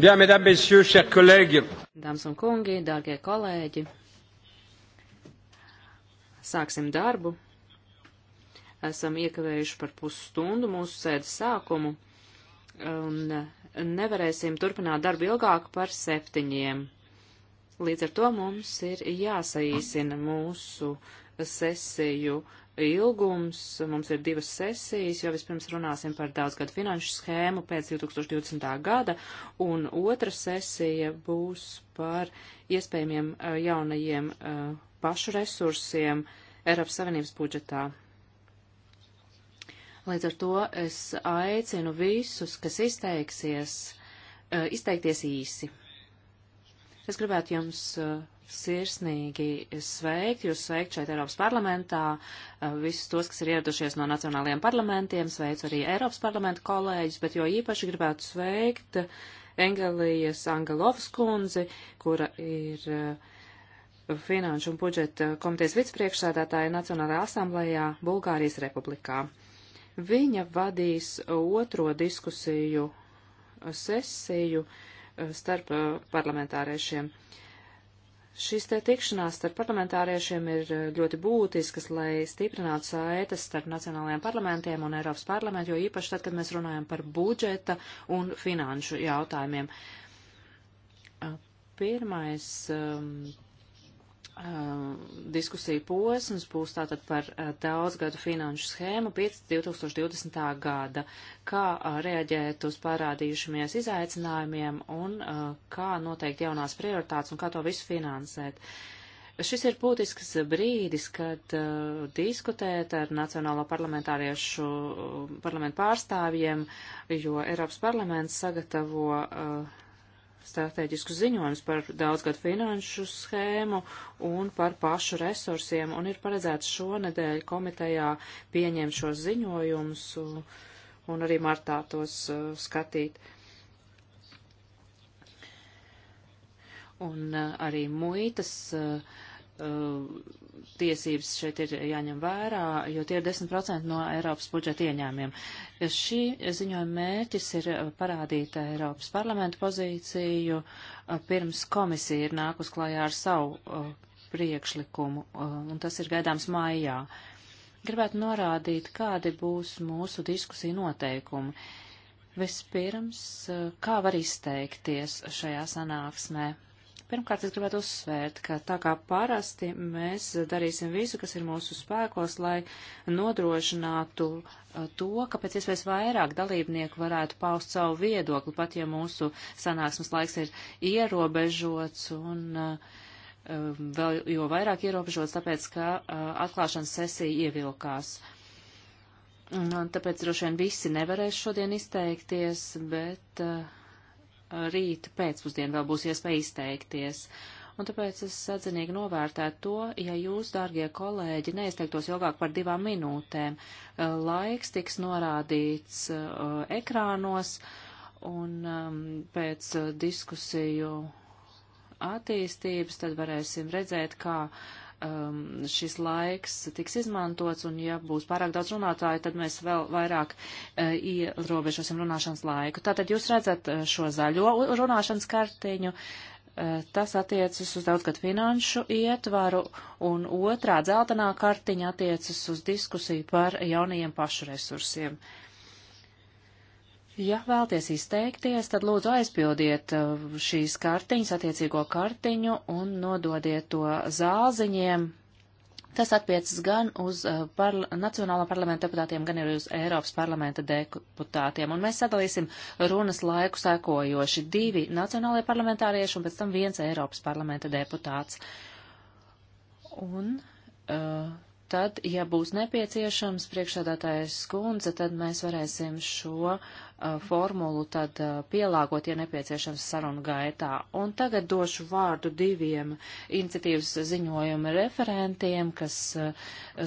Bien, mesdames, messieurs, chers collègues. Dāmas un kungi, dārgie kolēģi, sāksim darbu. Esam iekavējuši par pusstundu mūsu sēdes sākumu un nevarēsim turpināt darbu ilgāk par septiņiem. Līdz ar to mums ir jāsaīsina mūsu sesiju ilgums. Mums ir divas sesijas, jo vispirms runāsim par daudzgadu finanšu schēmu pēc 2020. gada, un otra sesija būs par iespējamiem eh, jaunajiem eh, pašu resursiem Eiropas Savienības budžetā. Līdz ar to es aicinu visus, kas izteiksies, eh, izteikties īsi. Es gribētu jums uh, sirsnīgi sveikt jūs sveikt šeit Eiropas parlamentā, eh, visus tos, kas ir ieradušies no nacionālajiem parlamentiem, sveicu arī Eiropas parlamenta kolēģis, bet jo īpaši gribētu sveikt Engelijas Angelovas kundzi, kura ir eh, Finanšu un budžeta komitejas vicepriekšsēdētāja Nacionālajā asamblējā Bulgārijas republikā. Viņa vadīs otro diskusiju eh, sesiju starp parlamentāriešiem. Uh, Šis te tikšanās starp parlamentāriešiem ir eh, ļoti būtiskas, lai stiprinātu saites starp nacionālajiem parlamentiem un Eiropas parlamentu, jo īpaši tad, kad mēs runājam par budžeta un finanšu jautājumiem. Pirmais um, um, diskusija posms būs tātad par uh, daudzgadu finanšu schēmu pēc 2020. gada, kā uh, reaģēt uz parādījušamies izaicinājumiem un uh, kā noteikt jaunās prioritātes un kā to visu finansēt. Šis ir būtisks brīdis, kad uh, diskutēt ar Nacionālo parlamentāriešu uh, parlamentu pārstāvjiem, jo Eiropas parlaments sagatavo uh, strateģiskus ziņojumus par daudzgadu finanšu schēmu un par pašu resursiem, un ir paredzēts šonedēļ komitejā pieņemt šos ziņojumus un arī martā tos uh, skatīt. Un uh, arī muitas uh, Uh, tiesības šeit ir jāņem vērā, jo tie ir 10% no Eiropas budžeta ieņēmiem. Šī ziņojuma mērķis ir uh, parādīt Eiropas parlamentu pozīciju, uh, pirms komisija ir nākus klājā ar savu priekšlikumu, un tas ir gaidāms maijā. Gribētu norādīt, kādi būs mūsu diskusiju noteikumi. Vispirms, kā var izteikties šajā sanāksmē? Pirmkārt, es gribētu uzsvērt, ka tā kā parasti mēs darīsim visu, kas ir mūsu spēkos, lai nodrošinātu uh, to, ka pēc iespējas vairāk dalībnieku varētu paust savu viedokli, pat ja mūsu sanāksmes laiks ir ierobežots un uh, um, vēl jo vairāk ierobežots, tāpēc, ka uh, atklāšanas sesija ievilkās. Un tāpēc droši vien visi nevarēs šodien izteikties, bet uh, rīt pēcpusdien vēl būs iespēja izteikties. Un tāpēc es sadzinīgi novērtētu to, ja jūs, dārgie kolēģi, neizteiktos ilgāk par divām minūtēm. Eh, laiks tiks norādīts uh, ekrānos, un um, pēc eh, diskusiju attīstības tad varēsim redzēt, kā uh, um, šis laiks tiks izmantots, un ja būs pārāk daudz runātāju, tad mēs vēl vairāk uh, ierobežosim runāšanas laiku. Tātad jūs redzat uh, šo zaļo runāšanas kartiņu. Uh, tas attiecas uz daudzgad finanšu ietvaru, un otrā dzeltenā kartiņa attiecas uz diskusiju par jaunajiem pašu resursiem. Uh, Ja vēlties izteikties, tad lūdzu aizpildiet uh, šīs kartiņas, attiecīgo kartiņu un nododiet to zāziņiem. Tas attiecas gan uz uh, parla Nacionālā parlamenta deputātiem, gan arī uz Eiropas parlamenta deputātiem. Un mēs sadalīsim runas laiku sekojoši divi nacionālajie parlamentārieši un pēc tam viens Eiropas parlamenta deputāts. Un uh, tad, ja būs nepieciešams priekšsādātājs skundze, tad mēs varēsim šo uh, Uh, formulu tad uh, pielāgot, ja nepieciešams, sarunu gaitā. Un tagad došu vārdu diviem iniciatīvas ziņojuma referentiem, kas uh,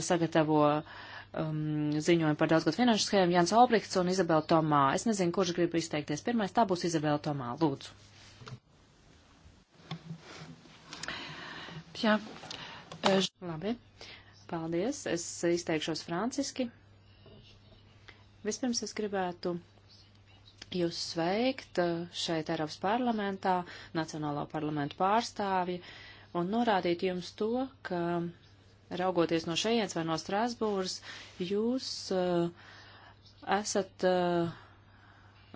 sagatavo um, ziņojumu par daudzgad finanšu schēmu Jans Olbrikts un Izabela Tomā. Es nezinu, kurš grib izteikties pirmais. Tā būs Izabela Tomā. Lūdzu. Jā. Labi. Paldies. Es izteikšos franciski. Vispirms es gribētu jūs sveikt uh, šeit Eiropas parlamentā, Nacionālo parlamentu pārstāvji, un norādīt jums to, ka raugoties no šejienes vai no Strasbūras, jūs uh, esat uh,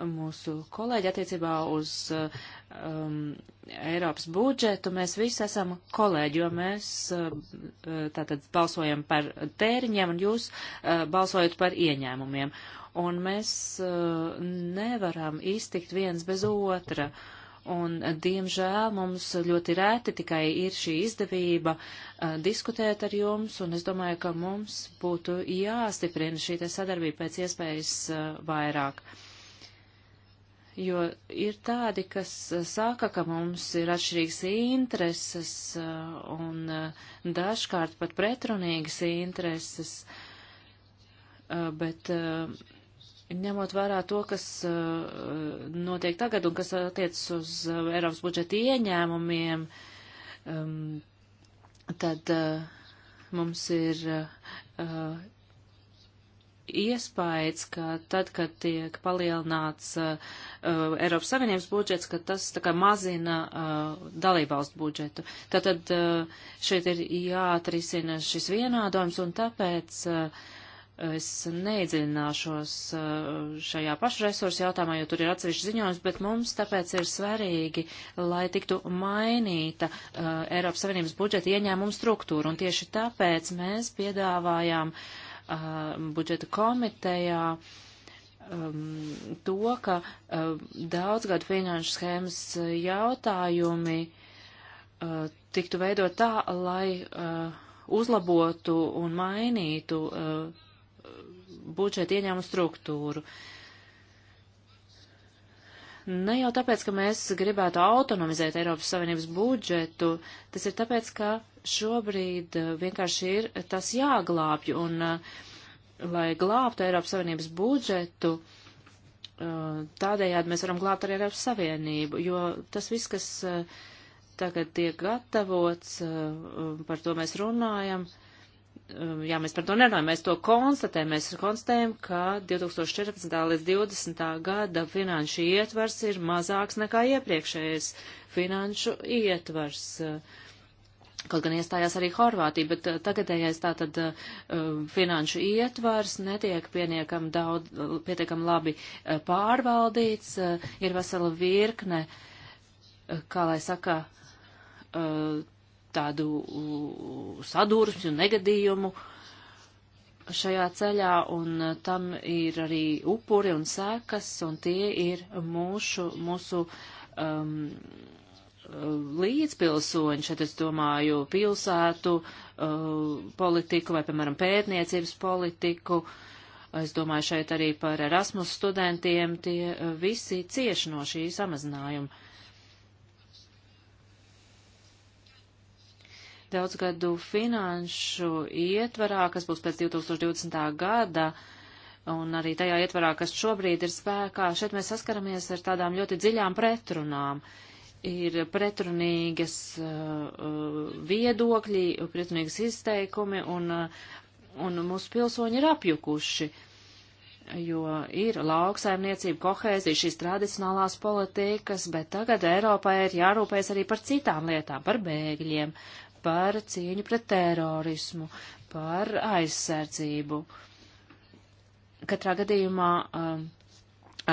mūsu kolēģi attiecībā uz um, Eiropas budžetu. Mēs visi esam kolēģi, jo mēs uh, tātad balsojam par tēriņiem un jūs uh, balsojat par ieņēmumiem. Un mēs uh, nevaram iztikt viens bez otra. Un, diemžēl, mums ļoti rēti tikai ir šī izdevība uh, diskutēt ar jums, un es domāju, ka mums būtu jāstiprina šī sadarbība pēc iespējas uh, vairāk. Uh, jo ir tādi, kas eh, saka, ka mums ir atšķirīgas intereses eh, un eh, dažkārt pat pretrunīgas intereses, bet ņemot vērā to, kas notiek tagad un kas attiecas uz Eiropas budžeta ieņēmumiem, ehm, tad mums ir iespējas, ka tad, kad tiek palielināts uh, uh, Eiropas Savienības budžets, ka tas tā kā mazina uh, dalībvalstu budžetu. Tātad uh, šeit ir jāatrisina šis vienādojums, un tāpēc uh, es neiedziļināšos uh, šajā pašresursu jautājumā, jo tur ir atsevišķi ziņojums, bet mums tāpēc ir svarīgi, lai tiktu mainīta uh, Eiropas Savienības budžeta ieņēmuma struktūra, un tieši tāpēc mēs piedāvājām uh, Uh, budžeta komitejā um, to, ka uh, daudzgadu finanšu schēmas jautājumi uh, tiktu veidot tā, lai uzlabotu un mainītu budžeta ieņēmu struktūru. Uh, Ne jau tāpēc, ka mēs gribētu autonomizēt Eiropas Savienības budžetu, tas ir tāpēc, ka šobrīd uh, vienkārši ir tas jāglābj, un uh, lai glābtu Eiropas Savienības budžetu, uh, tādējādi mēs varam glābt arī Eiropas Savienību, jo tas viss, kas tagad tiek gatavots, um, par to mēs runājam, uh, Um, jā, mēs par to nerunājam, mēs to konstatējam, mēs konstatējam, ka 2014. līdz 2020. gada finanšu ietvars ir mazāks nekā iepriekšējais finanšu ietvars. Kaut gan iestājās arī Horvātija, bet uh, tagadējais tātad uh, um, finanšu ietvars netiek pieniekam daudz, pietiekam labi uh, pārvaldīts, uh, ir vesela virkne, uh, kā lai saka, uh, tādu sadursmi un negadījumu šajā ceļā, un uh, tam ir arī upuri un sēkas, un tie ir mūsu, mūsu um, līdzpilsoņi, šeit es domāju pilsētu uh, politiku vai, piemēram, pētniecības politiku. Es domāju šeit arī par Erasmus studentiem, tie uh, visi cieši no šī samazinājuma. daudzgadu finanšu ietvarā, kas būs pēc 2020. gada, un arī tajā ietvarā, kas šobrīd ir spēkā, šeit mēs saskaramies ar tādām ļoti dziļām pretrunām. Ir pretrunīgas uh, viedokļi, pretrunīgas izteikumi, un, uh, un mūsu pilsoņi ir apjukuši, jo ir lauksaimniecība, kohēzija, šīs tradicionālās politikas, bet tagad Eiropai ir jārūpējas arī par citām lietām, par bēgļiem, par cīņu pret terorismu, par aizsardzību. Katrā gadījumā um,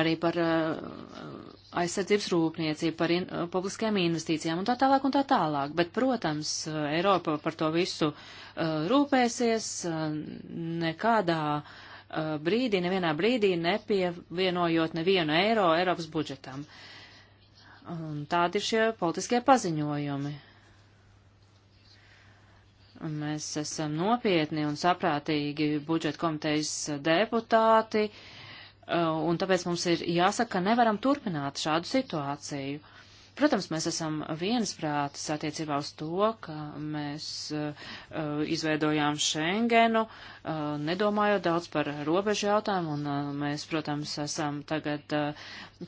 arī par uh, aizsardzības rūpniecību, par in, uh, publiskajām investīcijām un tā tālāk un tā tālāk. Bet, protams, uh, Eiropa par to visu rūpēsies nekādā brīdī, nevienā brīdī nepievienojot nevienu eiro Eiropas budžetam. Un tādi ir šie politiskie paziņojumi. Mēs esam nopietni un saprātīgi budžeta komitejas deputāti, uh, un tāpēc mums ir jāsaka, ka nevaram turpināt šādu situāciju. Protams, mēs esam viensprātis attiecībā uz to, ka mēs uh, izveidojām Schengenu, uh, nedomājot daudz par robežu jautājumu, un uh, mēs, protams, esam tagad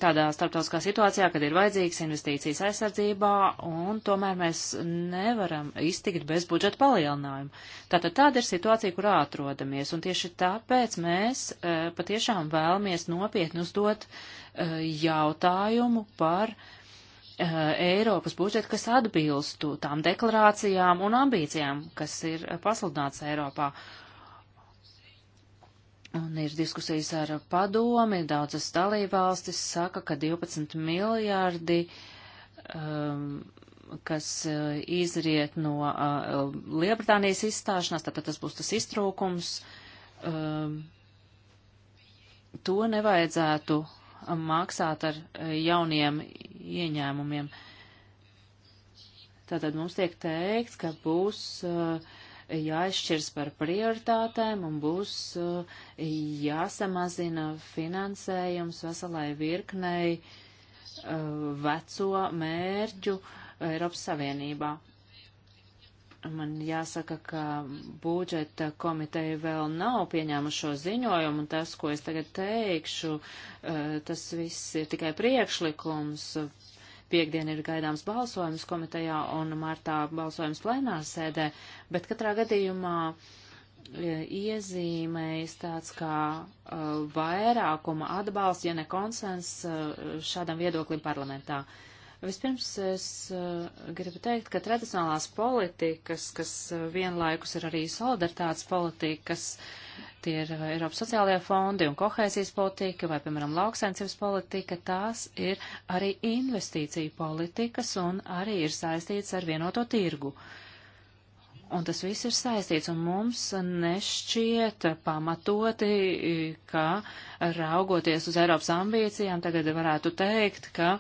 tādā starptautiskā situācijā, kad ir vajadzīgas investīcijas aizsardzībā, un tomēr mēs nevaram iztikt bez budžeta palielinājuma. Tātad tāda ir situācija, kurā atrodamies, un tieši tāpēc mēs patiešām vēlamies nopietni uzdot jautājumu par uh, Eh, Eiropas budžetu, kas atbilstu tām deklarācijām un ambīcijām, kas ir eh, pasludināts Eiropā. Un ir diskusijas ar padomi, daudzas dalībvalstis saka, ka 12 miljārdi, um, kas eh, izriet no uh, Liebritānijas izstāšanās, tātad tas būs tas iztrūkums, um, to nevajadzētu maksāt ar eh, jauniem ieņēmumiem. Tātad mums tiek teikts, ka būs eh, jāizšķirs par prioritātēm un būs eh, jāsamazina finansējums veselai virknei veco mērķu Eiropas Savienībā. Man jāsaka, ka budžeta komiteja vēl nav pieņēmuši šo ziņojumu, un tas, ko es tagad teikšu, eh, tas viss ir tikai priekšlikums. Piektdien ir gaidāms balsojums komitejā un martā balsojums plenārsēdē, bet katrā gadījumā eh, iezīmējas tāds kā eh, vairākuma atbalsts, ja ne konsens šādam viedoklim parlamentā. Uh, Vispirms es eh, gribu teikt, ka tradicionālās politikas, kas eh, vienlaikus ir arī solidaritātes politikas, tie ir eh, Eiropas sociālajā fondi un kohēzijas politika vai, piemēram, lauksainicības politika, tās ir arī investīcija politikas un arī ir saistīts ar vienoto tirgu. Un tas viss ir saistīts, un mums nešķiet pamatoti, ka raugoties uz Eiropas ambīcijām, tagad varētu teikt, ka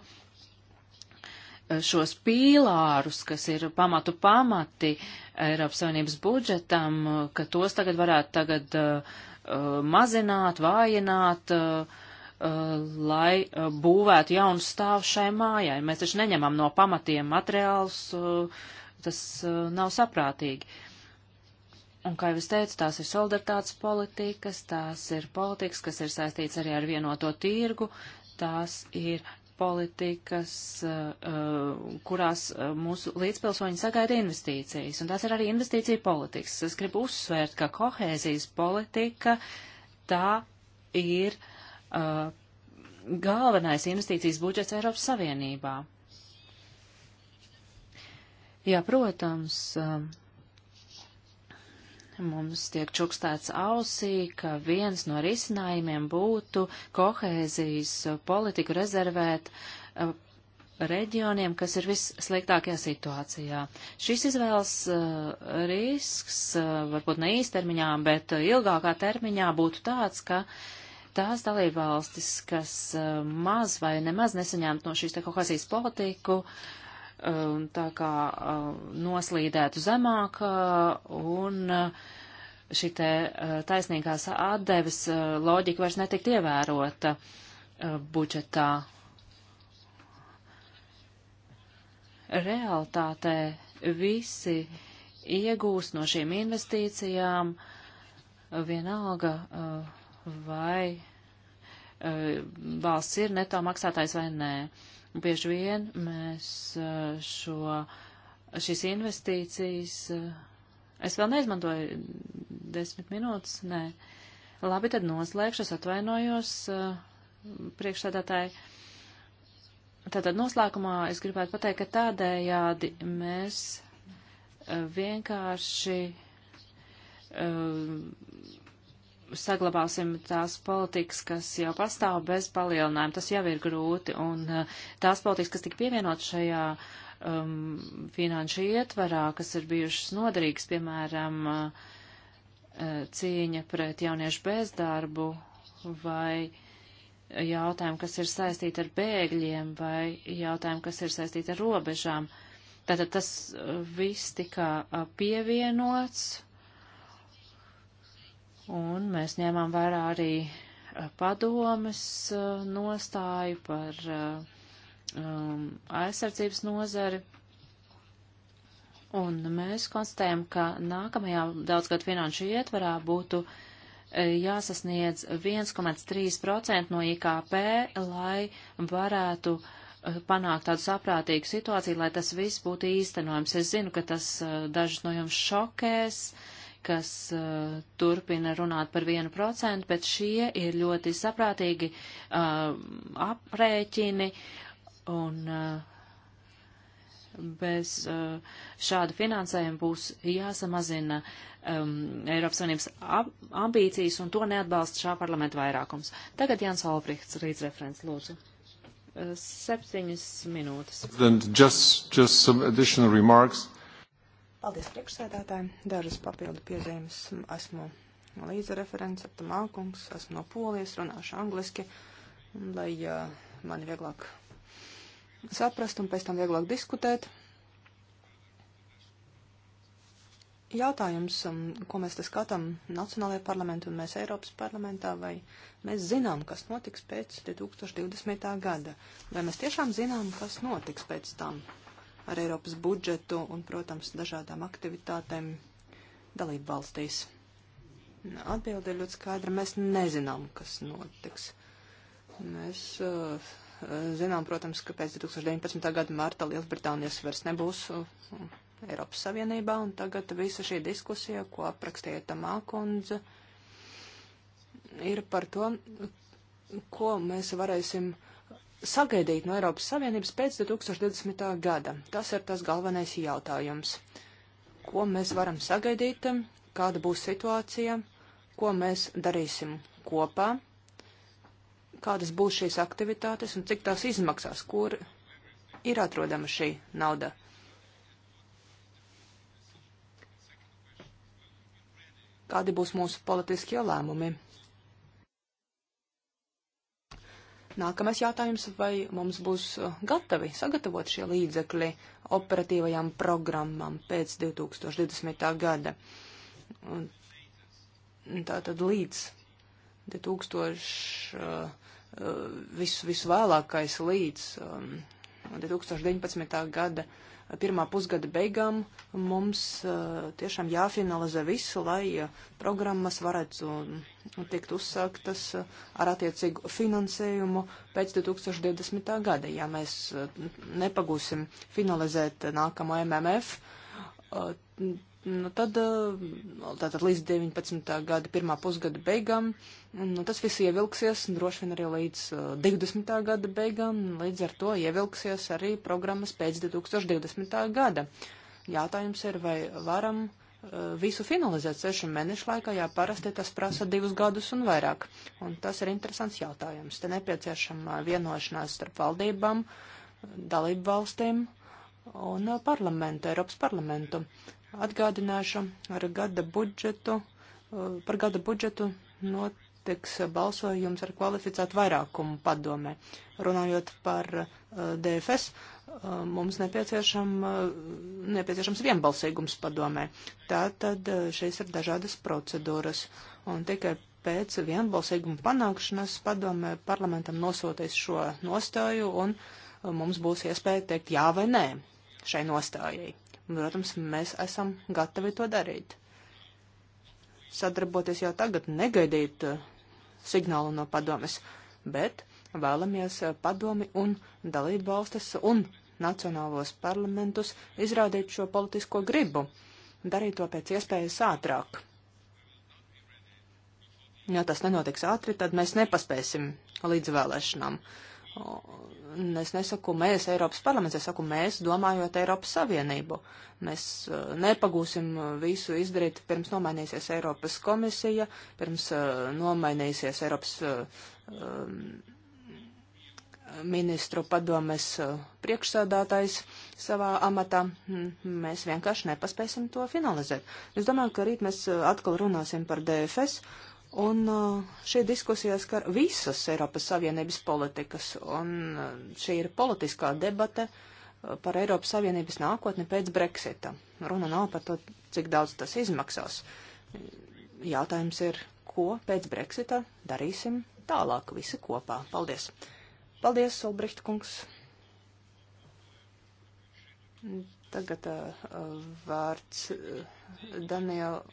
Eh, šos pīlārus, kas ir pamatu pamati Eiropas Savienības budžetam, eh, ka tos tagad varētu tagad uh, mazināt, vājināt, uh, lai būvētu jaunu stāvu šai mājai. Mēs taču neņemam no pamatiem materiālus, uh, tas nav saprātīgi. Un, kā jau es teicu, tās ir solidaritātes politikas, tās ir politikas, kas ir saistīts arī ar vienoto tirgu, tās ir politikas, eh, eh, kurās eh, mūsu līdzpilsoņi sagaida investīcijas, un tās ir arī investīcija politikas. Es gribu uzsvērt, ka kohēzijas politika tā ir uh, galvenais investīcijas budžets Eiropas Savienībā. Jā, protams, uh, Mums tiek čukstāts ausī, ka viens no risinājumiem būtu kohēzijas politiku rezervēt uh, reģioniem, kas ir vissliktākajā situācijā. Šis izvēles uh, risks, uh, varbūt ne īstermiņā, bet uh, ilgākā termiņā būtu tāds, ka tās dalībvalstis, kas uh, maz vai nemaz nesaņemt no šīs te kohēzijas politiku, uh, Um, tā kā uh, noslīdētu zemāk uh, un uh, šī te taisnīgās atdeves loģika vairs netikt ievērota budžetā. Realtātē visi iegūst no šīm investīcijām vienalga vai valsts ir neto maksātājs vai nē. Ne Un bieži vien mēs eh, šo, šīs investīcijas, eh, es vēl neizmantoju desmit minūtes, nē. Labi, tad noslēgšu, es atvainojos eh, priekšsādātāji. Tātad noslēgumā es gribētu pateikt, ka tādējādi mēs vienkārši saglabāsim tās politikas, kas jau pastāv bez palielinājuma. Tas jau ir grūti, un eh, tās politikas, kas tika pievienot šajā um, finanšu ietvarā, kas ir bijušas noderīgas, piemēram, eh, cīņa pret jauniešu bezdarbu vai jautājumu, kas ir saistīti ar bēgļiem vai jautājumu, kas ir saistīti ar robežām. Tātad tas eh, viss tika pievienots Un mēs ņēmām vērā arī eh, padomes eh, nostāju par eh, um, aizsardzības nozari. Un mēs konstatējam, ka nākamajā daudzgad finanšu ietvarā būtu jāsasniedz 1,3% no IKP, lai varētu panākt tādu saprātīgu situāciju, lai tas viss būtu īstenojams. Es zinu, ka tas dažus no jums šokēs. Uh, kas uh, turpina runāt par vienu procentu, bet šie ir ļoti saprātīgi uh, aprēķini un uh, bez uh, šāda finansējuma būs jāsamazina um, Eiropas Savienības ab ambīcijas, un to neatbalsta šā parlamenta vairākums. Tagad Jānis Olbrihts, līdzreferents, lūdzu. Uh, septiņas minūtes. Just, just some additional remarks. Paldies priekšsēdētājiem. Dažas papildu piezīmes esmu līdzi referents, esmu mākums, esmu no polijas, runāšu angliski, lai uh, mani vieglāk saprast un pēc tam vieglāk diskutēt. Jautājums, um, ko mēs te skatām Nacionālajā parlamentā un mēs Eiropas parlamentā, vai mēs zinām, kas notiks pēc 2020. gada? Vai mēs tiešām zinām, kas notiks pēc tam? ar Eiropas budžetu un, protams, dažādām aktivitātēm dalību valstīs? Atbilde ir ļoti skaidra. Mēs nezinām, kas notiks. Mēs uh, zinām, protams, ka pēc 2019. gada marta Lielbritānijas vairs nebūs uh, Eiropas Savienībā, un tagad visa šī diskusija, ko aprakstīja Tamā kundze, ir par to, ko mēs varēsim uh, sagaidīt no Eiropas Savienības pēc 2020. gada? Tas ir tas galvenais jautājums. Ko mēs varam sagaidīt, kāda būs situācija, ko mēs darīsim kopā, kādas būs šīs aktivitātes un cik tās izmaksās, kur ir atrodama šī nauda. Kādi būs mūsu politiskie lēmumi? Nākamais jautājums, vai mums būs uh, gatavi sagatavot šie līdzekļi operatīvajām programmām pēc 2020. gada? Tātad līdz 2000, uh, uh, vis, visvēlākais līdz 2019. Um, gada pirmā pusgada beigām mums tiešām jāfinalizē visu, lai programmas varētu tikt uzsāktas ar attiecīgu finansējumu pēc 2020. gada. Ja mēs nepagūsim finalizēt nākamo MMF, Nu, tad, tātad līdz 19. gada pirmā pusgada beigām, nu, tas viss ievilksies, droši vien arī līdz 20. gada beigām, līdz ar to ievilksies arī programmas pēc 2020. gada. Jātājums ir, vai varam visu finalizēt sešu mēnešu laikā, jā, parasti tas prasa divus gadus un vairāk. Un tas ir interesants jautājums. Te nepieciešama vienošanās starp valdībām, dalību valstīm un parlamentu, Eiropas parlamentu. Uh, Atgādināšu ar gada budžetu, eh, par gada budžetu notiks balsojums ar kvalificētu vairākumu padomē. Runājot par eh, DFS, eh, mums nepieciešam, nepieciešams vienbalsīgums padomē. Tātad šīs ir dažādas procedūras, un tikai pēc vienbalsīguma panākšanas padomē parlamentam nosūties šo nostāju, un mums būs iespēja teikt jā vai nē šai nostājai. Protams, mēs esam gatavi to darīt. Sadarboties jau tagad, negaidīt uh, signālu no padomes, bet vēlamies uh, padomi un dalību valstis un nacionālos parlamentus izrādīt šo politisko gribu, darīt to pēc iespējas ātrāk. Ja tas nenotiks ātri, tad mēs nepaspēsim līdz vēlēšanām es nesaku mēs Eiropas parlaments, es saku mēs domājot Eiropas Savienību. Mēs uh, nepagūsim eh, visu izdarīt pirms nomainīsies Eiropas komisija, pirms uh, nomainīsies Eiropas uh, ministru padomes priekšsādātājs savā amatā. Hm, mēs vienkārši nepaspēsim to finalizēt. Es domāju, ka rīt mēs atkal runāsim par DFS Un uh, šī diskusija skar visas Eiropas Savienības politikas, un uh, šī ir politiskā debate uh, par Eiropas Savienības nākotni pēc Brexita. Runa nav par to, cik daudz tas izmaksās. Jātājums ir, ko pēc Brexita darīsim tālāk visi kopā. Paldies! Paldies, Olbricht kungs! Tagad uh, vārds uh, Daniela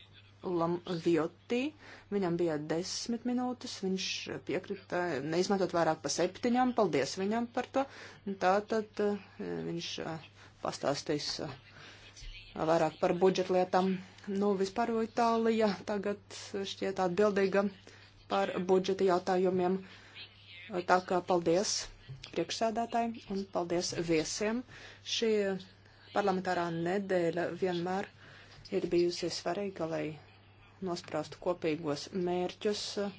Lamjotī. Viņam bija desmit minūtes, viņš piekrita neizmantot vairāk pa septiņām. Paldies viņam par to. Tātad eh, viņš eh, pastāstīs eh, vairāk par budžetlietām. Nu, vispār Itālija tagad šķiet atbildīga par budžeta jautājumiem. Tā kā paldies priekšsēdētāji un paldies viesiem. Šī parlamentārā nedēļa vienmēr ir bijusi svarīga, lai nospraust kopīgos mērķus uh,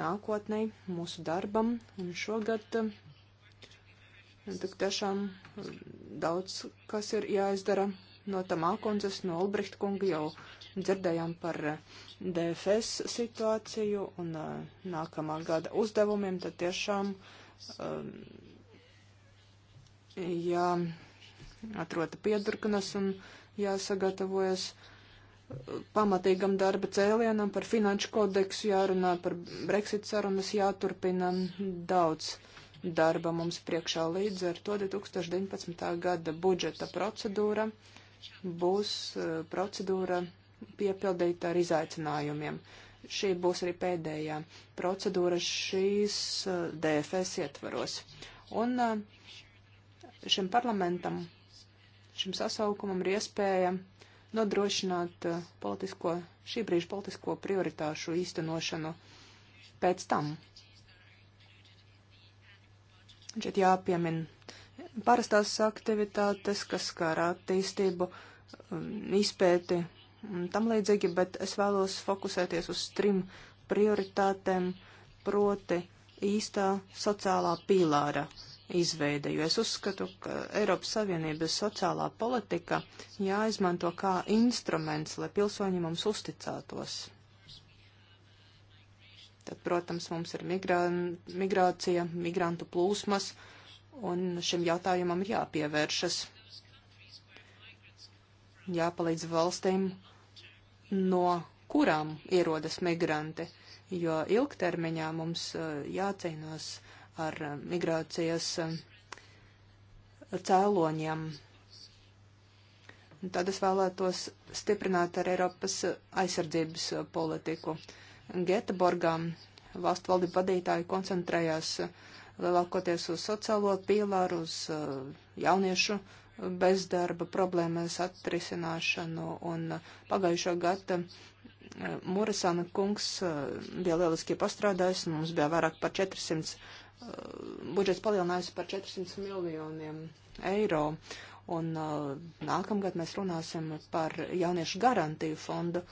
nākotnē mūsu darbam un šogad. Uh, tik tiešām uh, daudz, kas ir jāizdara no Tamākundzes, no Olbrichta kunga jau dzirdējām par DFS situāciju un nākamā gada uzdevumiem, tad tiešām um, jāatrota piedurknes un jāsagatavojas. Uh, pamatīgam darba cēlienam, par finanšu kodeksu jārunā, par Brexit sarunas jāturpina daudz darba mums priekšā līdz ar to 2019. gada budžeta procedūra būs e, procedūra piepildīta ar izaicinājumiem. Šī būs arī pēdējā procedūra šīs e, DFS ietvaros. Un e, šim parlamentam, šim sasaukumam ir iespēja nodrošināt eh, politisko, šī brīža politisko prioritāšu īstenošanu pēc tam. Šeit jāpiemin parastās aktivitātes, kas skar attīstību, um, izpēti un tam līdzīgi, bet es vēlos fokusēties uz trim prioritātēm, proti īstā sociālā pīlāra izveide, jo es uzskatu, ka Eiropas Savienības sociālā politika jāizmanto kā instruments, lai pilsoņi mums uzticētos. Tad, protams, mums ir migrā, migrācija, migrantu plūsmas, un šim jautājumam ir jāpievēršas. Jāpalīdz valstīm, no kurām ierodas migranti, jo ilgtermiņā mums eh, jācīnās ar eh, migrācijas eh, cēloņiem. Un tad es vēlētos stiprināt ar Eiropas aizsardzības eh, politiku. Geteborgā valstu valdību vadītāji koncentrējās lielākoties uz sociālo pīlāru, uz jauniešu bezdarba problēmas atrisināšanu un pagājušo gadu Murisāna kungs bija lieliski pastrādājis, mums bija vairāk par 400 Uh, budžets palielinājusi par 400 miljoniem eiro. Un uh, nākamgad mēs runāsim par jauniešu garantiju fondu.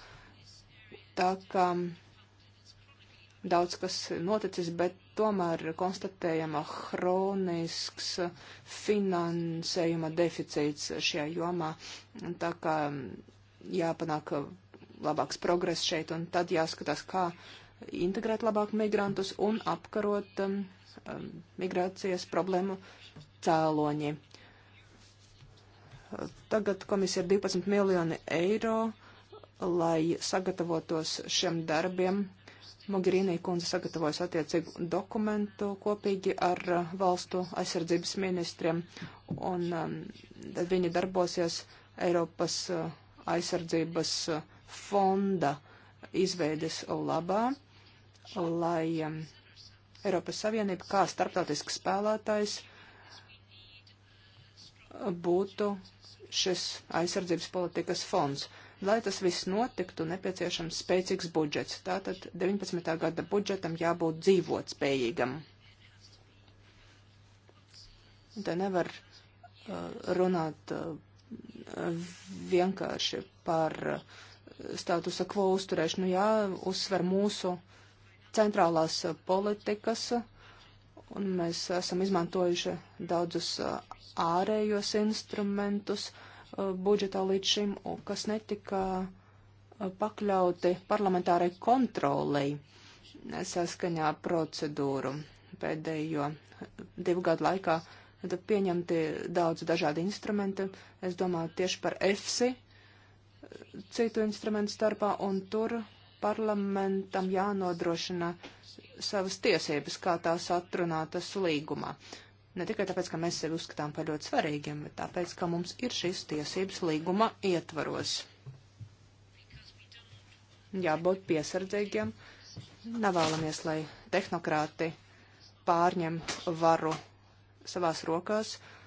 Tā kā daudz kas noticis, bet tomēr konstatējama hronisks finansējuma deficīts šajā jomā. Tā kā jāpanāk labāks progress šeit, un tad jāskatās, kā integrēt labāk migrantus un apkarot um, Um, migrācijas problēmu cēloņi. Uh, tagad komisija ir 12 miljoni eiro, lai sagatavotos šiem darbiem. Mogherīnī kundze sagatavojas attiecīgu dokumentu kopīgi ar uh, valstu aizsardzības ministriem, un um, viņi darbosies Eiropas uh, aizsardzības uh, fonda izveides labā, lai um, Eiropas Savienība kā starptautisks spēlētājs būtu šis aizsardzības politikas fonds. Lai tas viss notiktu, nepieciešams spēcīgs budžets. Tātad 19. gada budžetam jābūt dzīvot spējīgam. Te nevar uh, runāt uh, vienkārši par uh, statusa kvo uzturēšanu. Jā, uzsver mūsu uh, centrālās uh, politikas, un mēs esam izmantojuši daudzus uh, ārējos instrumentus uh, budžetā līdz šim, kas netika pakļauti parlamentārai kontrolei saskaņā ar procedūru pēdējo divu gadu laikā. Tad pieņemti daudz dažādi instrumenti. Es domāju tieši par EFSI, citu instrumentu starpā, un tur parlamentam jānodrošina savas tiesības, kā tās atrunātas līgumā. Ne tikai tāpēc, ka mēs sevi uzskatām par ļoti svarīgiem, bet tāpēc, ka mums ir šīs tiesības līguma ietvaros. Jābūt piesardzīgiem, nevēlamies, lai tehnokrāti pārņem varu savās rokās, uh,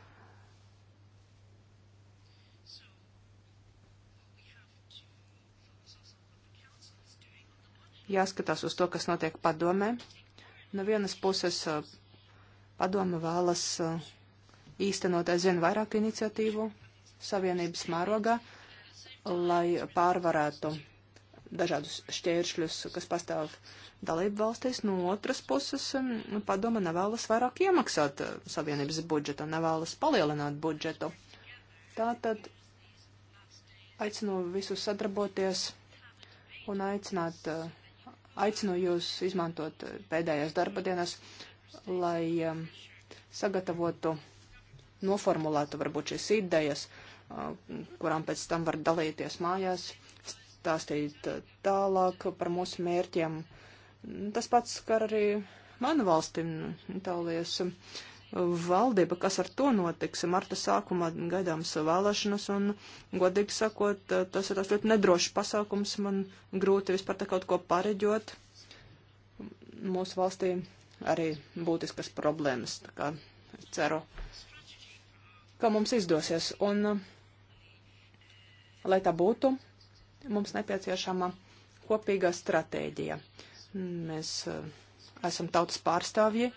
jāskatās uz to, kas notiek padomē. No vienas puses padoma vēlas īstenot aizvien vairāk iniciatīvu savienības mērogā, lai pārvarētu dažādus šķēršļus, kas pastāv dalību valstīs. No otras puses, padoma nevēlas vairāk iemaksāt savienības budžetu, nevēlas palielināt budžetu. Tātad aicinu visus sadarboties un aicināt uh, aicinu jūs izmantot pēdējās darba dienas, lai um, sagatavotu, noformulētu varbūt šīs idejas, uh, kurām pēc tam var dalīties mājās, stāstīt uh, tālāk par mūsu mērķiem. Tas pats skar arī manu valsti, Itālijas valdība, kas ar to notiks. Marta sākumā gaidāmas vēlēšanas, un, godīgi sakot, tas ir tas ļoti nedrošs pasākums. Man grūti vispār te kaut ko pareģot. Mūsu valstī arī būtiskas problēmas, tā kā ceru, ka mums izdosies. Un, lai tā būtu, mums nepieciešama kopīgā stratēģija. Mēs eh, esam tautas pārstāvji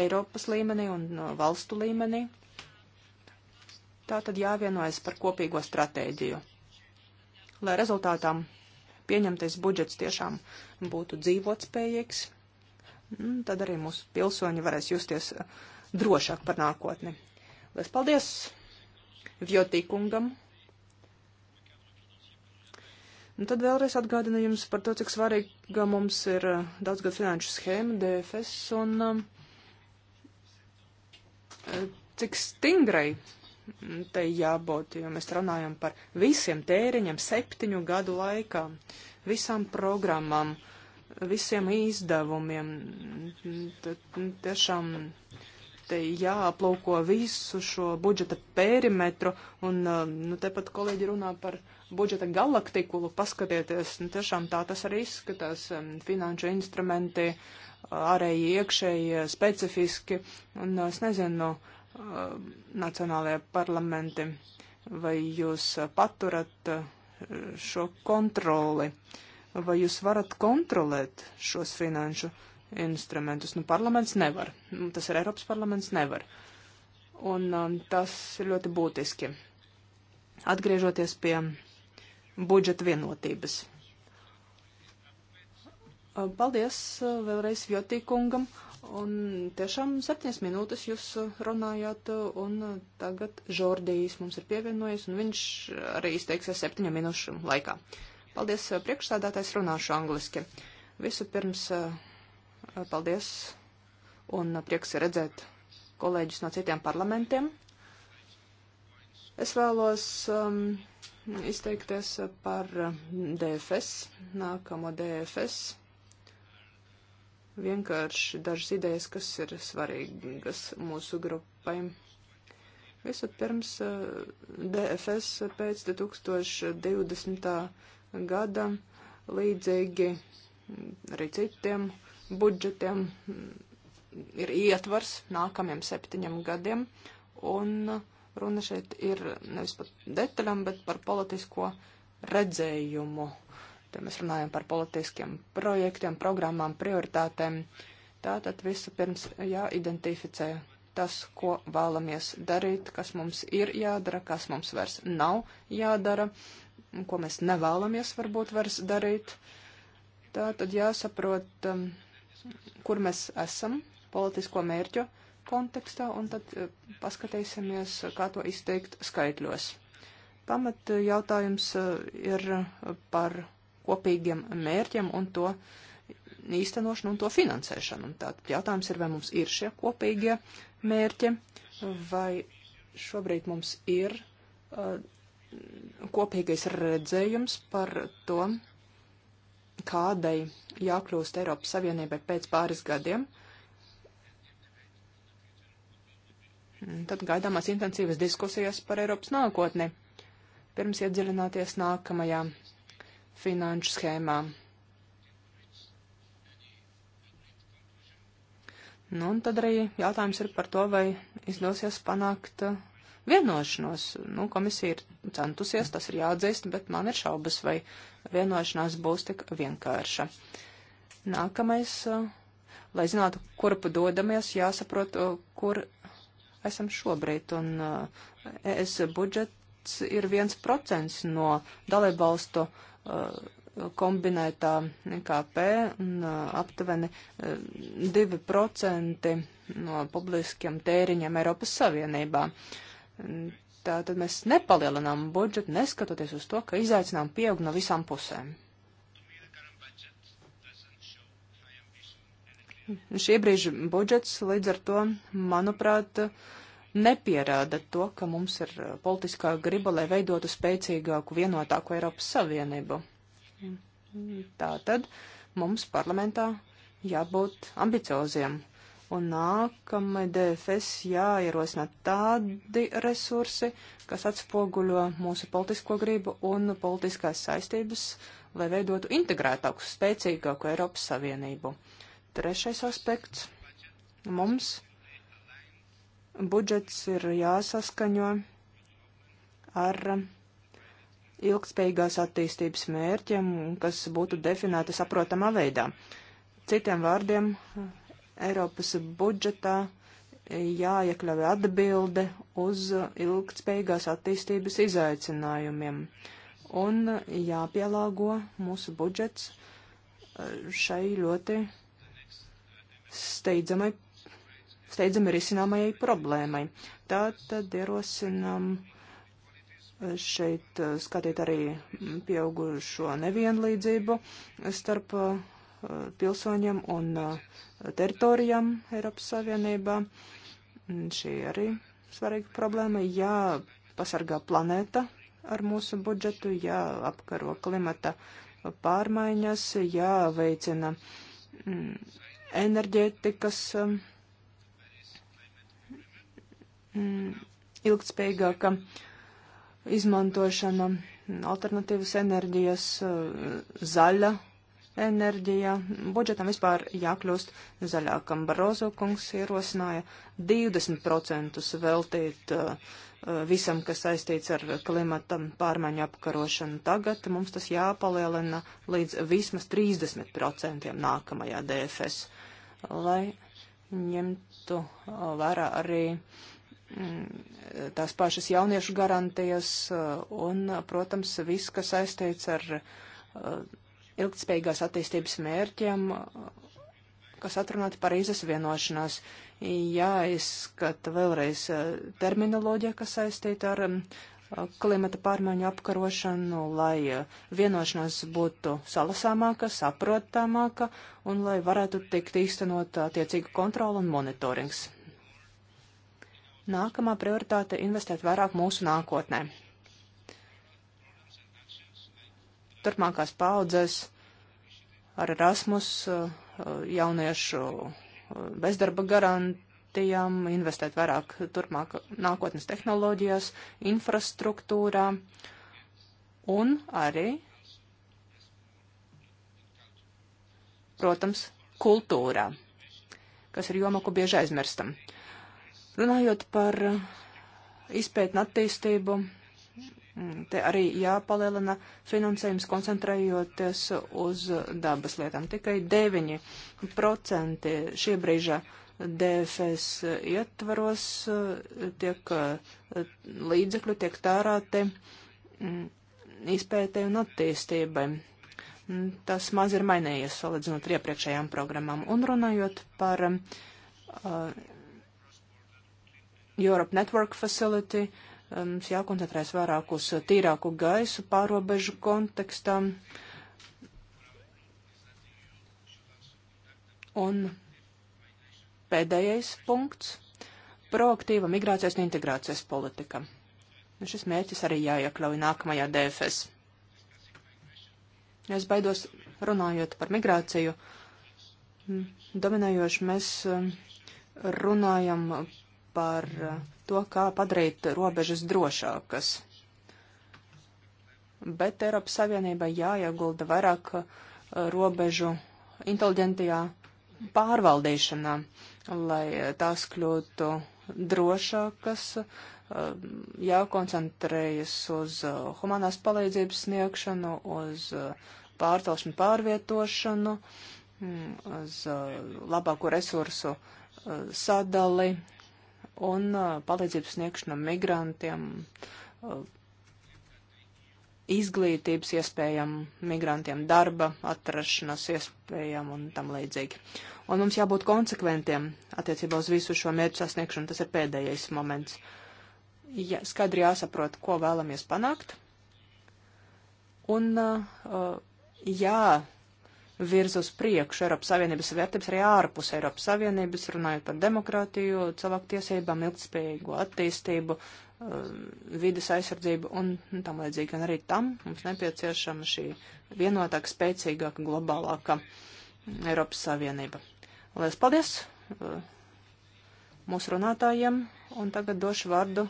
Eiropas līmenī un valstu līmenī. Tā tad jāvienojas par kopīgo stratēģiju, lai rezultātām pieņemtais budžets tiešām būtu dzīvotspējīgs, mm, tad arī mūsu pilsoņi varēs justies eh, drošāk par nākotni. Lies paldies Vjotīkungam! Un tad vēlreiz atgādinu jums par to, cik svarīga mums ir eh, daudzgad finanšu schēma, DFS, un um, cik stingrai te jābūt, jo mēs runājam par visiem tēriņiem septiņu gadu laikā, visām programmām, visiem izdevumiem. Tad tiešām te jāaplūko visu šo budžeta perimetru, un nu, tepat kolēģi runā par budžeta galaktikulu, paskatieties, nu, tiešām tā tas arī izskatās, um, finanšu instrumenti. Uh, ārēji, iekšēji, specifiski, un es nezinu, nacionālajie parlamenti, vai jūs paturat šo kontroli, vai jūs varat kontrolēt šos finanšu instrumentus. Nu, parlaments nevar, nu, tas ir Eiropas parlaments nevar, un tas ir ļoti būtiski. Atgriežoties pie budžeta vienotības Paldies vēlreiz Jotīkungam. Un tiešām septiņas minūtes jūs runājāt, un tagad Žordijs mums ir pievienojies, un viņš arī izteiksies septiņu minūšu laikā. Paldies, priekšstādātais, runāšu angliski. Visu pirms paldies, un prieks redzēt kolēģus no citiem parlamentiem. Es vēlos um, izteikties par DFS, nākamo DFS vienkārši dažas idejas, kas ir svarīgas mūsu grupai. Vispirms eh, DFS pēc 2020. gada līdzīgi arī citiem budžetiem ir ietvars nākamajiem septiņiem gadiem, un runa šeit ir nevis par detaļām, bet par politisko redzējumu. Uh, Te mēs runājam par politiskiem projektiem, programmām, prioritātēm. Tātad vispirms jāidentificē tas, ko vēlamies darīt, kas mums ir jādara, kas mums vairs nav jādara, ko mēs nevēlamies varbūt vairs darīt. Tātad jāsaprot, um, kur mēs esam politisko mērķu kontekstā, un tad uh, paskatīsimies, kā to izteikt skaitļos. Pamat jautājums uh, ir uh, par kopīgiem mērķiem un to īstenošanu un to finansēšanu. Un tātad jautājums ir, vai mums ir šie kopīgie mērķi, vai šobrīd mums ir uh, kopīgais redzējums par to, kādai jākļūst Eiropas Savienībai pēc pāris gadiem. Tad gaidāmās intensīvas diskusijas par Eiropas nākotni, pirms iedziļināties nākamajā finanšu schēmām. Nu, un tad arī jautājums ir par to, vai izdosies panākt uh, vienošanos. Nu, komisija ir centusies, tas ir jāatdzīst, bet man ir šaubas, vai vienošanās būs tik vienkārša. Nākamais, uh, lai zinātu, kur padodamies, jāsaprot, uh, kur esam šobrīd. Un uh, es budžets ir viens procents no dalībvalstu valstu Uh, kombinētā IKP un uh, aptuveni 2% uh, no publiskiem tēriņiem Eiropas Savienībā. Tātad mēs nepalielinām budžetu, neskatoties uz to, ka izaicinām pieaug no visām pusēm. Šī brīža budžets līdz ar to, manuprāt, uh, nepierāda to, ka mums ir uh, politiskā griba, lai veidotu spēcīgāku, vienotāku Eiropas Savienību. Tā tad mums parlamentā jābūt ambicioziem. Un nākamai DFS jāierosina tādi resursi, kas atspoguļo mūsu politisko gribu un politiskās saistības, lai veidotu integrētāku, spēcīgāku Eiropas Savienību. Trešais aspekts. Mums budžets ir jāsaskaņo ar ilgspējīgās attīstības mērķiem, kas būtu definēti saprotamā veidā. Citiem vārdiem, Eiropas budžetā jāiekļauj atbilde uz ilgspējīgās attīstības izaicinājumiem un jāpielāgo mūsu budžets šai ļoti steidzamai steidzami risināmajai problēmai. Tā tad ierosinam eh, šeit eh, skatīt arī pieaugušo nevienlīdzību starp eh, pilsoņiem un teritorijām Eiropas Savienībā. Mm, šī arī svarīga problēma. Jā, pasargā planēta ar mūsu budžetu, jā, apkaro klimata pārmaiņas, jā, veicina mm, enerģētikas. Um, Mm, ilgtspējīgāka izmantošana, alternatīvas enerģijas, eh, zaļa enerģija. Budžetam vispār jākļūst zaļākam. Barozo kungs ierosināja 20% veltīt eh, eh, visam, kas saistīts ar klimata pārmaiņu apkarošanu. Tagad mums tas jāpalielina līdz vismaz 30% nākamajā DFS, lai ņemtu vērā arī uh, Mm, tās pašas jauniešu garantijas uh, un, protams, viss, kas aizteic ar uh, ilgtspējīgās attīstības mērķiem, uh, kas atrunāti Parīzes vienošanās. Jāizskata vēlreiz terminoloģija, kas saistīta ar um, klimata pārmaiņu apkarošanu, lai vienošanās būtu salasāmāka, saprotamāka un lai varētu tikt īstenot attiecīga kontrola un monitorings. Nākamā prioritāte - investēt vairāk mūsu nākotnē. Turpmākās paudzes ar Erasmus eh, jauniešu eh, bezdarba garantijām, investēt vairāk turpmāk nākotnes tehnoloģijās, infrastruktūrā un arī, protams, kultūrā, kas ir joma, ko bieži aizmirstam. Uh, Runājot par eh, izpēt un attīstību, mm, te arī jāpalielina finansējums koncentrējoties uz dabas lietām. Tikai 9% šī brīža DFS ietvaros eh, tiek eh, līdzekļu tiek tārāti mm, izpētē un attīstībai. Mm, tas maz ir mainījies salīdzinot ar iepriekšējām programmām. Un runājot par uh, Europe Network Facility. Mums jākoncentrēs vairāk uz tīrāku gaisu pārobežu kontekstam. Un pēdējais punkts - proaktīva migrācijas un integrācijas politika. Un nu, šis mērķis arī jāiekļauj nākamajā DFS. Es baidos, runājot par migrāciju, dominējoši mēs runājam par eh, to, kā padarīt robežas drošākas. Bet Eiropas Savienībai jāiegulda vairāk eh, robežu inteliģentajā pārvaldīšanā, lai tās kļūtu drošākas, eh, jākoncentrējas uz humanās palīdzības sniegšanu, uz pārcelšanu, pārvietošanu, mm, uz labāku resursu sadali, un palīdzības sniegšana migrantiem, izglītības iespējām migrantiem, darba atrašanās iespējām un tam līdzīgi. Un mums jābūt konsekventiem attiecībā uz visu šo mērķu sasniegšanu, tas ir pēdējais moments. Ja, skaidri jāsaprot, ko vēlamies panākt. Un uh, jā, virz uz priekšu Eiropas Savienības vērtības arī ārpus Eiropas Savienības, runājot par demokrātiju, cilvēku tiesībām, ilgspējīgu attīstību, um, vidas aizsardzību un tam līdzīgi. Un arī tam mums nepieciešama šī vienotāka, spēcīgāka, globālāka Eiropas Savienība. Lielas paldies uh, mūsu runātājiem un tagad došu vārdu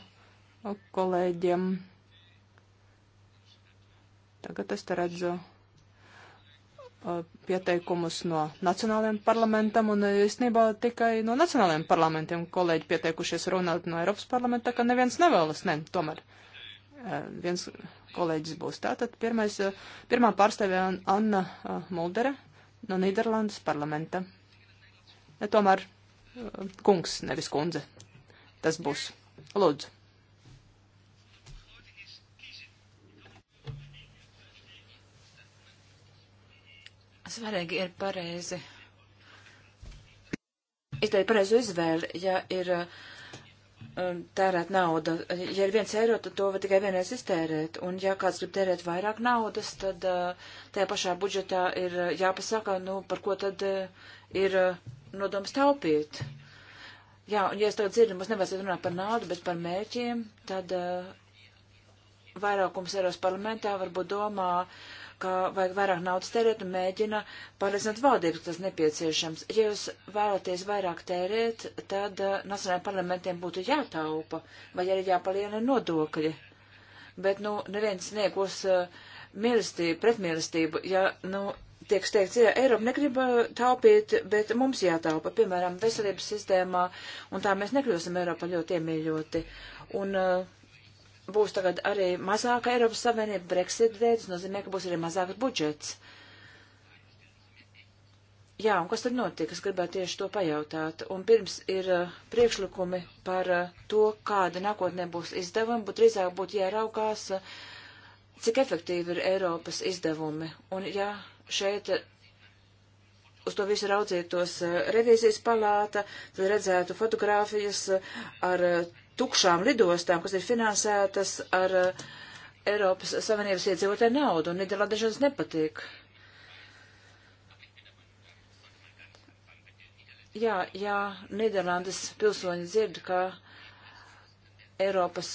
kolēģiem. Tagad es te redzu pieteikumus no nacionālajiem parlamentam, un īstenībā tikai no nacionālajiem parlamentiem kolēģi pieteikušies runāt no Eiropas parlamenta, ka neviens nevēlas, ne, tomēr viens kolēģis būs. Tātad pirmais, pirmā pārstāvja Anna Muldere no Nīderlandes parlamenta. Ne, tomēr kungs, nevis kundze. Tas būs. Lūdzu. Svarīgi ir pareizi izdarīt pareizu izvēli, ja ir uh, um, tērēt naudu. Ja ir viens eiro, tad to var tikai vienreiz iztērēt. Un ja kāds grib tērēt vairāk naudas, tad uh, tajā pašā budžetā ir uh, jāpasaka, nu, par ko tad ir nodoms taupīt. Jā, un ja es to dzirdu, mums nevajadzētu runāt par naudu, bet par mērķiem, tad vairākums Eiros parlamentā varbūt domā, uh, ka vajag vairāk naudas tērēt un mēģina pārliecināt valdības, ka tas nepieciešams. Ja jūs vēlaties vairāk tērēt, tad uh, nacionālajiem parlamentiem būtu jātaupa vai arī jāpalielina nodokļi. Bet, nu, neviens sniegos uh, mīlestību, pretmīlestību, ja, nu, tiek steigts, ja Eiropa negrib eh, taupīt, bet mums jātaupa, piemēram, veselības sistēmā, un tā mēs nekļūsim Eiropā ļoti iemīļoti. Un uh, būs tagad arī mazāka Eiropas Savienība Brexit dēļ, tas nozīmē, ka būs arī mazāks budžets. Jā, un kas tad notiek? Es gribētu tieši to pajautāt. Un pirms ir uh, priekšlikumi par uh, to, kāda nākotnē būs izdevumi, bet drīzāk būtu jāraugās, uh, cik efektīvi ir Eiropas izdevumi. Un jā, šeit uh, uz to visu raudzītos uh, revīzijas palāta, tad redzētu fotogrāfijas uh, ar tukšām lidostām, kas ir finansētas ar uh, Eiropas Savienības iedzīvotāju naudu, un Nīderlandešanas nepatīk. Jā, jā, Nīderlandes pilsoņi dzird, ka Eiropas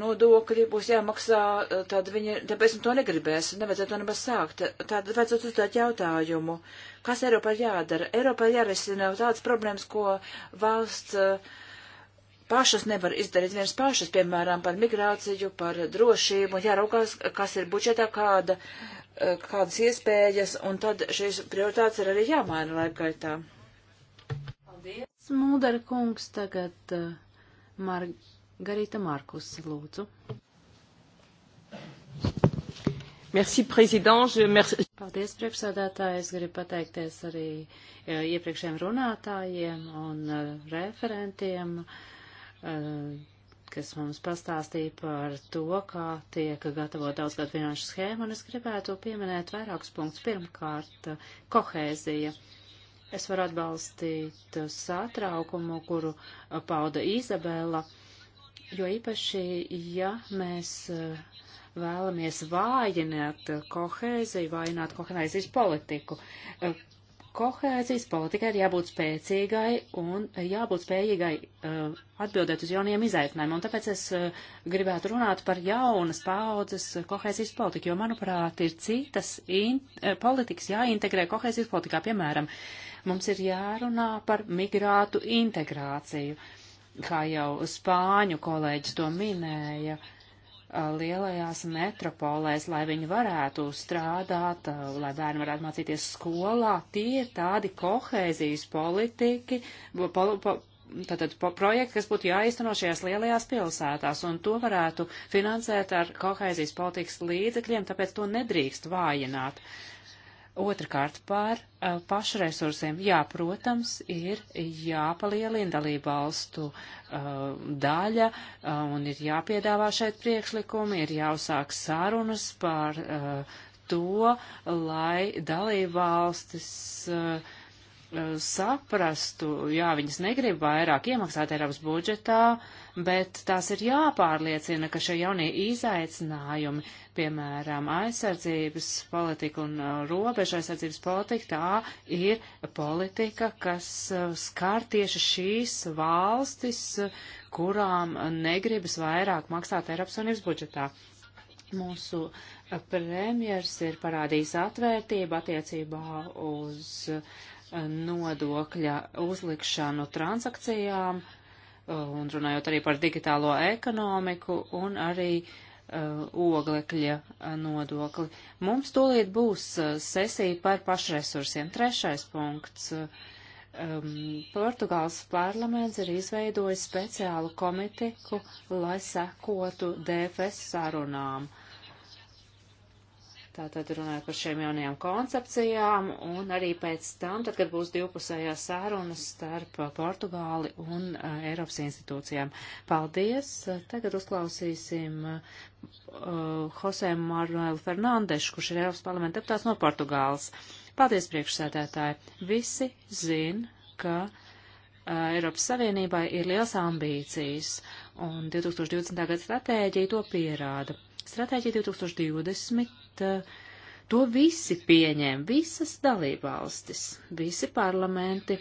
nodokļi būs jāmaksā, eh, tad viņi, tāpēc viņi to negribēs, nevajadzētu to nemaz sākt. Tad vajadzētu uzdot jautājumu, kas Eiropā jādara. Eiropā jārisina tādas problēmas, ko valsts uh, pašas nevar izdarīt viens pašas, piemēram, par migrāciju, par drošību, jāraukās, kas ir budžetā, kāda, eh, kādas iespējas, un tad šīs prioritātes ir arī jāmaina laikgaitā. Paldies, Muldera kungs, tagad eh, Margarita Markus, lūdzu. Merci, prezidents. Merci. Paldies, priekšsādātāji. Es gribu pateikties arī eh, iepriekšējiem runātājiem un referentiem. Uh, Eh, kas mums pastāstīja par to, kā tiek gatavot daudzgad finanšu schēmu, un es gribētu pieminēt vairākus punktus. Pirmkārt, kohēzija. Es varu atbalstīt satraukumu, kuru eh, pauda Izabela, jo īpaši, ja mēs eh, vēlamies vājināt kohēziju, vājināt kohēzijas politiku, Kohēzijas politikai ir jābūt spēcīgai un jābūt spējīgai uh, atbildēt uz jauniem izaicinājumiem. Un tāpēc es uh, gribētu runāt par jaunas paaudzes kohēzijas politiku, jo, manuprāt, ir citas in, uh, politikas jāintegrē kohēzijas politikā. Piemēram, mums ir jārunā par migrātu integrāciju, kā jau Spāņu kolēģis to minēja. Uh, lielajās metropolēs, lai viņi varētu strādāt, lai bērni varētu mācīties skolā. Tie ir tādi kohēzijas politiki, pol, po, tātad po, projekti, kas būtu jāizteno šajās lielajās pilsētās, un to varētu finansēt ar kohēzijas politikas līdzekļiem, tāpēc to nedrīkst vājināt. Uh, Otrakārt par uh, pašu resursiem. Jā, protams, ir jāpalielina dalībvalstu uh, eh, daļa uh, un ir jāpiedāvā šeit priekšlikumi, ir jāuzsāk sarunas par to, lai dalībvalstis saprastu, jā, viņas negrib vairāk iemaksāt Eiropas budžetā, bet tās ir jāpārliecina, ka šie jaunie izaicinājumi piemēram, aizsardzības politika un uh, robeža aizsardzības politika, tā ir politika, kas uh, skar tieši šīs valstis, kurām negribas vairāk maksāt Eiropas Savienības budžetā. Mūsu uh, premjers ir parādījis atvērtību attiecībā uz nodokļa uzlikšanu transakcijām, un runājot arī par digitālo ekonomiku, un arī uh, Uh, oglekļa uh, nodokli. Mums tūlīt būs uh, sesija par pašresursiem. Trešais punkts. Um, Portugāls parlaments ir izveidojis speciālu komitiku, lai sekotu DFS sarunām. Tātad runāju par šiem jaunajām koncepcijām un arī pēc tam, tad, kad būs divpusējās sārunas starp Portugāli un uh, Eiropas institūcijām. Paldies! Tagad uzklausīsim uh, eh, Josē Manuelu Fernandešu, kurš ir Eiropas parlamenta deputāts no Portugāles. Paldies, priekšsēdētāji! Visi zin, ka. Eh, Eiropas Savienībai ir liels ambīcijas, un 2020. gada stratēģija to pierāda. Stratēģija 2020 bet uh, to visi pieņēma, visas dalībvalstis, visi parlamenti.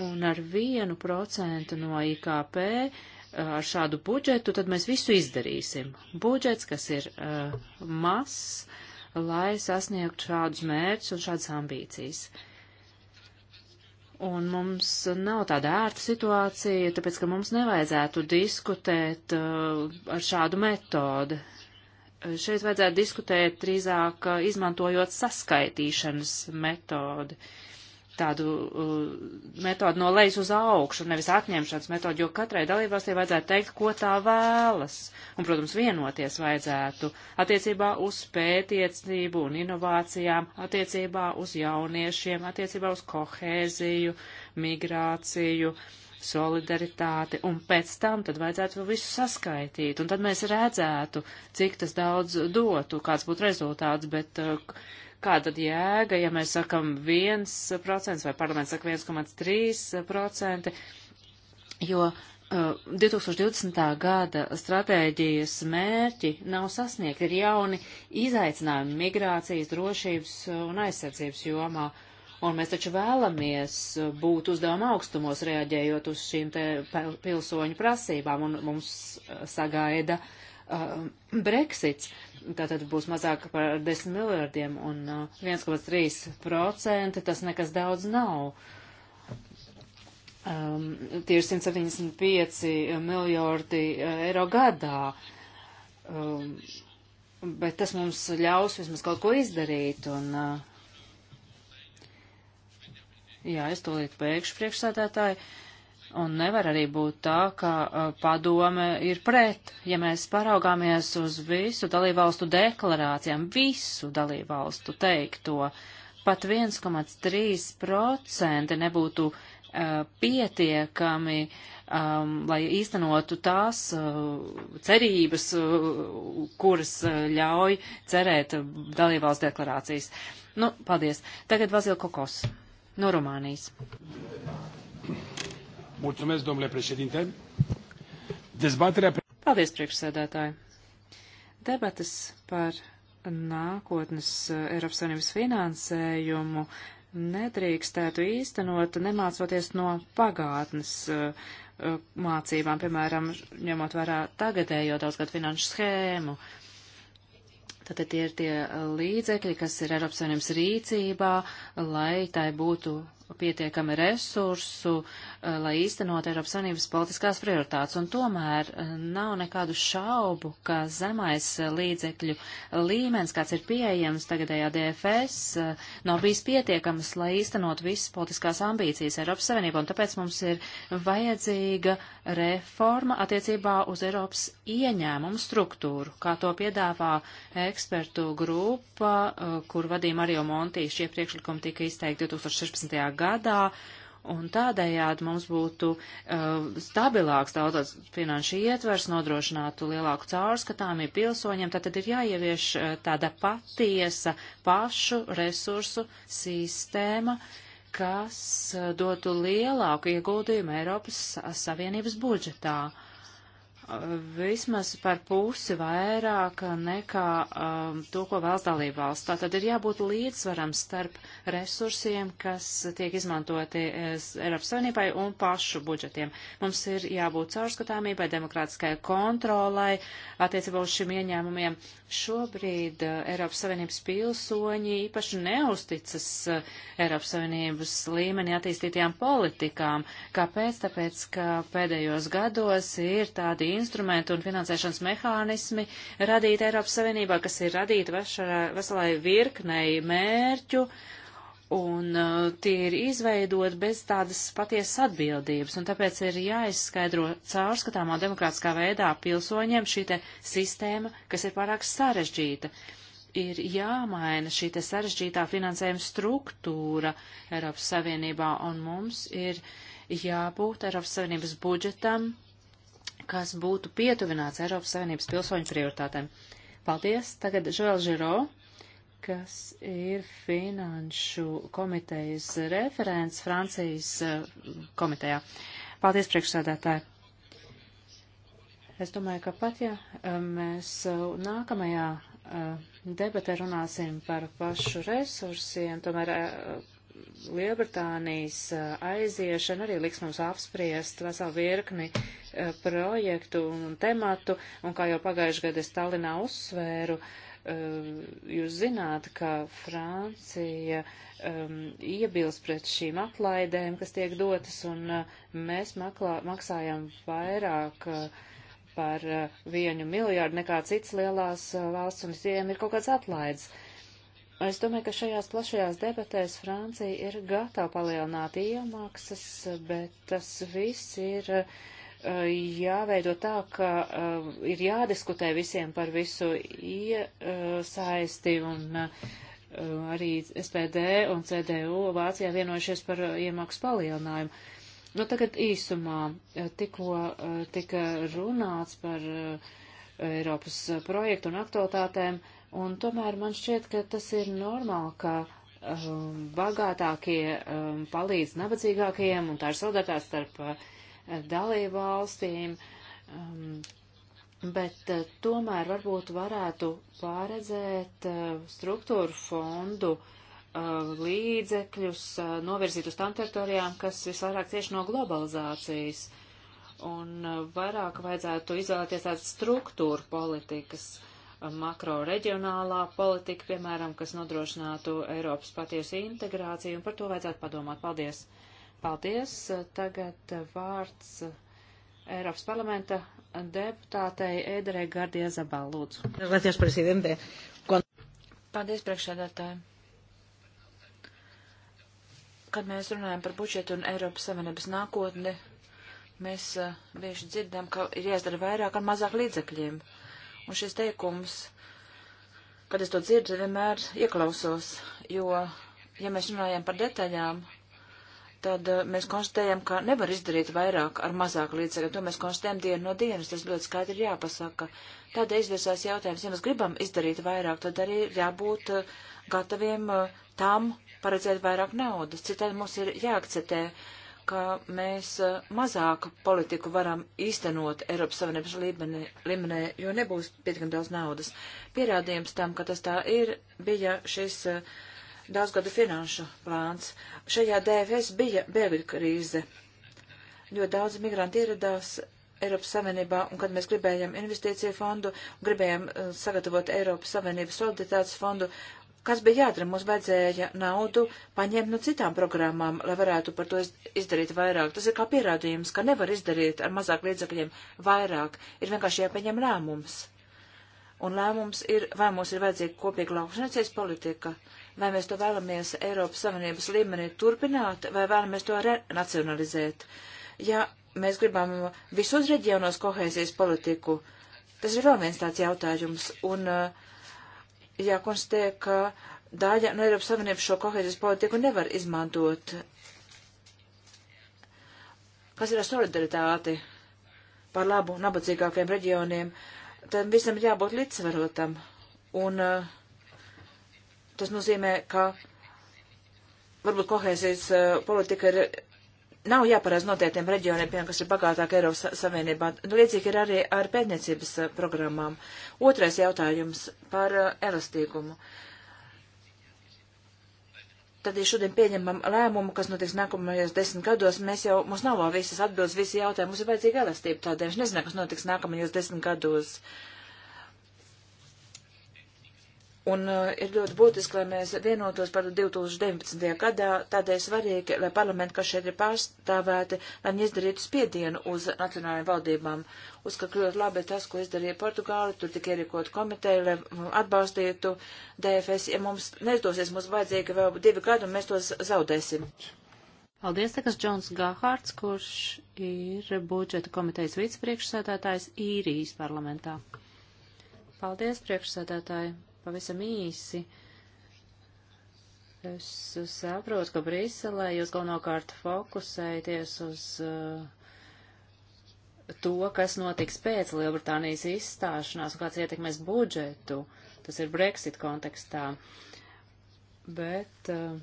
Un ar vienu procentu no IKP eh, ar šādu budžetu, tad mēs visu izdarīsim. Budžets, kas ir uh, mazs, lai sasniegtu šādus mērķus un šādas ambīcijas. Un mums nav tāda ērta situācija, tāpēc, ka mums nevajadzētu diskutēt uh, ar šādu metodi šeit vajadzētu diskutēt drīzāk eh, izmantojot saskaitīšanas metodi. Tādu uh, eh, metodu no lejas uz augšu, nevis atņemšanas metodu, jo katrai dalībvalstī vajadzētu teikt, ko tā vēlas. Un, protams, vienoties vajadzētu attiecībā uz pētiecību un inovācijām, attiecībā uz jauniešiem, attiecībā uz kohēziju, migrāciju, uh, solidaritāti, un pēc tam tad vajadzētu visu saskaitīt, un tad mēs redzētu, cik tas daudz dotu, kāds būtu rezultāts, bet uh, kāda tad jēga, ja mēs sakam 1% vai parlaments saka 1,3%, jo 2020. Uh, gada stratēģijas mērķi nav sasniegti, ir jauni izaicinājumi migrācijas, drošības un aizsardzības jomā. Uh, Un mēs taču vēlamies būt uzdevuma augstumos, reaģējot uz šīm te pilsoņu prasībām, un mums uh, sagaida uh, Brexits. Tātad būs mazāk par 10 miljardiem, un uh, 1,3% tas nekas daudz nav. Um, tie ir 175 miljardi uh, eiro gadā. Um, bet tas mums ļaus vismaz kaut ko izdarīt, un uh, Jā, es tūlīt beigšu priekšsēdētāju. Un nevar arī būt tā, ka uh, padome ir pret, ja mēs paraugāmies uz visu dalībvalstu deklarācijām, visu dalībvalstu teikto, pat 1,3% nebūtu uh, pietiekami, um, lai īstenotu tās uh, cerības, uh, kuras uh, ļauj cerēt dalībvalstu deklarācijas. Nu, paldies. Tagad Vazil Kokos no Rumānijas. Mulțumesc, domnule președinte. Dezbaterea... Paldies, priekšsēdētāji. Debates par nākotnes Eiropas Savienības finansējumu nedrīkstētu īstenot, nemācoties no pagātnes eh, eh, mācībām, piemēram, ņemot vērā tagadējo daudzgad finanšu schēmu. Uh, Tātad tie ir tie uh, līdzekļi, kas ir Eiropas Savienības rīcībā, lai tai būtu pietiekami resursu, eh, lai īstenot Eiropas Savienības politiskās prioritātes. Un tomēr eh, nav nekādu šaubu, ka zemais eh, līdzekļu līmenis, kāds ir pieejams tagadējā DFS, nav bijis pietiekams, lai īstenot visas politiskās ambīcijas Eiropas Savienībā. Un tāpēc mums ir vajadzīga reforma attiecībā uz Eiropas ieņēmumu struktūru, kā to piedāvā ekspertu grupa, kur vadīja Mario Montīs. Šie priekšlikumi tika izteikti 2016. gadā gadā, un tādējādi mums būtu uh, stabilāks tautas finanšu ietvers, nodrošinātu lielāku caurskatāmību pilsoņiem, tad, tad ir jāievieš uh, tāda patiesa pašu resursu sistēma, kas uh, dotu lielāku ieguldījumu Eiropas Savienības budžetā. Uh, vismaz par pusi vairāk nekā um, to, ko vēlas dalībvalsts. Tātad ir jābūt līdzsvaram starp resursiem, kas tiek izmantoti e, Eiropas Savienībai un pašu budžetiem. Mums ir jābūt caurskatāmībai, demokrātiskai kontrolai attiecībā uz šiem ieņēmumiem. Šobrīd uh, Eiropas Savienības pilsoņi īpaši neusticas uh, Eiropas Savienības līmeni attīstītajām politikām. Kāpēc? Tāpēc, ka pēdējos gados ir tādi instrumenti un finansēšanas mehānismi radīti Eiropas Savienībā, kas ir radīti veselai virknei mērķu, un uh, tie ir izveidot bez tādas patiesas atbildības, un tāpēc ir jāizskaidro caurskatāmā demokrātiskā veidā pilsoņiem šī te sistēma, kas ir pārāk sarežģīta. Ir jāmaina šī te sarežģītā finansējuma struktūra Eiropas Savienībā, un mums ir jābūt Eiropas Savienības budžetam, kas būtu pietuvināts Eiropas Savienības pilsoņu prioritātēm. Paldies! Tagad Žēl Žiro, kas ir finanšu komitejas referents Francijas eh, komitejā. Paldies, priekšsēdētāji! Es domāju, ka pat ja eh, mēs eh, nākamajā debatē runāsim par pašu resursiem, tomēr Lielbritānijas aiziešana arī liks mums apspriest veselu virkni Eh, projektu un tematu, un kā jau pagājušajā gadā es Tallinā uzsvēru, eh, jūs zināt, ka Francija um, iebilst pret šīm atlaidēm, kas tiek dotas, un uh, mēs maklā, maksājam vairāk uh, par uh, vienu miljārdu nekā cits lielās uh, valsts, un tiem ir kaut kāds atlaids. Es domāju, ka šajās plašajās debatēs Francija ir gatava palielināt iemaksas, bet tas viss ir uh, jāveido tā, ka um, ir jādiskutē visiem par visu iesaisti un um, arī SPD un CDU Vācijā vienojušies par iemaksu palielinājumu. Nu, tagad īsumā eh, tikko eh, tika runāts par eh, Eiropas projektu un aktualitātēm, un tomēr man šķiet, ka tas ir normāli, ka um, bagātākie um, palīdz nabadzīgākajiem, un tā ir solidaritāte starp uh, dalību valstīm, um, bet uh, tomēr varbūt varētu pārredzēt uh, struktūru fondu uh, līdzekļus uh, novirzīt uz tām teritorijām, kas visvairāk cieši no globalizācijas. Un uh, vairāk vajadzētu izvēlēties tādas struktūru politikas, uh, makroreģionālā politika, piemēram, kas nodrošinātu Eiropas patiesu integrāciju, un par to vajadzētu padomāt. Paldies! Paldies. Tagad vārds Eiropas parlamenta deputātei Ēderei Gardie Zabal, lūdzu. Gracias, prezidente. Kon... Paldies, priekšsēdētāji. Kad mēs runājam par budžetu un Eiropas Savienības nākotni, mēs uh, bieži dzirdam, ka ir jāizdara vairāk ar mazāk līdzekļiem. Un šis teikums, kad es to dzirdu, vienmēr ieklausos, jo, ja mēs runājam par detaļām, tad eh, mēs konstatējam, ka nevar izdarīt vairāk ar mazāk līdzekļu. To mēs konstatējam dienu no dienas, tas ļoti skaidri jāpasaka. Tādēļ izvirsās jautājums, ja mēs gribam izdarīt vairāk, tad arī jābūt eh, gataviem eh, tam paredzēt vairāk naudas. Citādi mums ir jāakceptē, ka mēs mazāk politiku varam īstenot Eiropas Savienības līmenī, līmenī jo nebūs pietiekami daudz naudas. Pierādījums tam, ka tas tā ir, bija šis uh, daudzgada finanšu plāns. Šajā DFS bija bēgļu krīze. Ļoti daudz migranti ieradās Eiropas Savienībā, un kad mēs gribējām investīciju fondu, gribējām uh, sagatavot Eiropas Savienības solidaritātes fondu, kas bija jādara? Mums vajadzēja naudu paņemt no citām programmām, lai varētu par to izdarīt vairāk. Tas ir kā pierādījums, ka nevar izdarīt ar mazāk līdzakļiem vairāk. Ir vienkārši jāpieņem lēmums. Un lēmums ir, vai mums ir vajadzīga kopīga lauksaimniecības politika, vai mēs to vēlamies Eiropas Savienības līmenī turpināt, vai vēlamies to renacionalizēt. Ja mēs gribam visos reģionos kohēzijas politiku, tas ir vēl viens tāds jautājums. Un eh, jākonstatē, ka daļa no Eiropas Savienības šo kohēzijas politiku nevar izmantot. Kas ir ar solidaritāti par labu nabadzīgākiem reģioniem? Tam visam jābūt līdzsvarotam. Un uh, Tas nozīmē, ka varbūt kohēzijas uh, politika ir nav jāparāz noteiktiem reģioniem, piemēram, kas ir bagātāk Eiropas Savienībā. Nu, līdzīgi ir arī ar pētniecības uh, programmām. Otrais jautājums par uh, elastīgumu. Tad, ja šodien pieņemam lēmumu, kas notiks nākamajos desmit gados, mēs jau, mums nav visas atbildes, visi jautājumi, mums ir vajadzīga elastība tādēļ. Es nezinu, kas notiks nākamajos desmit gados. Uh, Un uh, ir ļoti būtiski, lai mēs vienotos par 2019. gadā, tādēļ svarīgi, lai parlamenti, kas šeit ir pārstāvēti, lai viņi izdarītu spiedienu uz nacionālajām valdībām. Uzskatu ļoti labi tas, ko izdarīja Portugāli, tur tika ierīkot komiteju, lai atbalstītu DFS. Ja mums neizdosies, mums vajadzīgi vēl divi gadi, un mēs tos zaudēsim. Paldies, takas Džons Gahārds, kurš ir budžeta komitejas vicepriekšsēdētājs īrijas parlamentā. Paldies, priekšsēdētāji! pavisam īsi. Es saprotu, ka Briselē jūs galvenokārt fokusēties uz uh, to, kas notiks pēc Lielbritānijas izstāšanās un kāds ietekmēs budžetu. Tas ir Brexit kontekstā. Bet uh,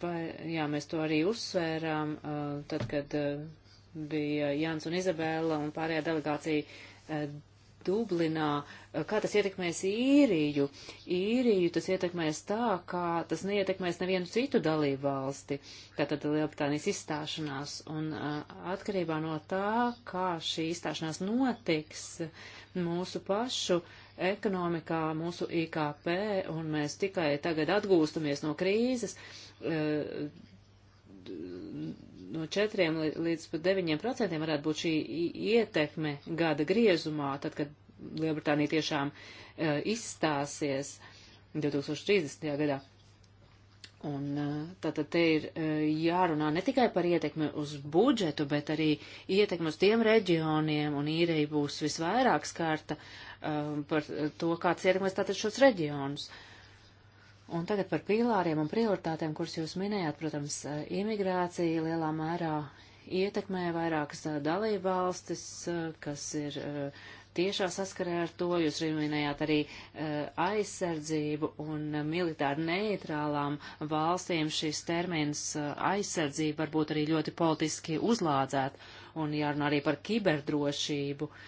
vai, jā, mēs to arī uzsvērām, uh, tad, kad bija Jans un Izabela un pārējā delegācija Dublinā, eh, kā tas ietekmēs īriju. Īriju tas ietekmēs tā, kā tas neietekmēs nevienu citu dalību valsti, tātad Lielbritānijas izstāšanās. Un eh, atkarībā no tā, kā šī izstāšanās notiks mūsu pašu ekonomikā, mūsu IKP, un mēs tikai tagad atgūstamies no krīzes, eh, no 4 līdz pat 9% varētu būt šī ietekme gada griezumā, tad, kad Lielbritānija tiešām uh, izstāsies 2030. gadā. Un e, tātad te ir e, jārunā ne tikai par ietekmi uz budžetu, bet arī ietekmi uz tiem reģioniem, un īrei būs visvairāk skārta um, par to, kāds ietekmēs tātad šos reģionus. Uh, Un tagad par pīlāriem un prioritātēm, kuras jūs minējāt, protams, imigrācija lielā mērā ietekmē vairākas dalību valstis, kas ir tiešā saskarē ar to. Jūs arī minējāt arī aizsardzību un militāri neitrālām valstīm šis termins aizsardzība varbūt arī ļoti politiski uzlādzēt un jārunā arī par kiberdrošību. Uh,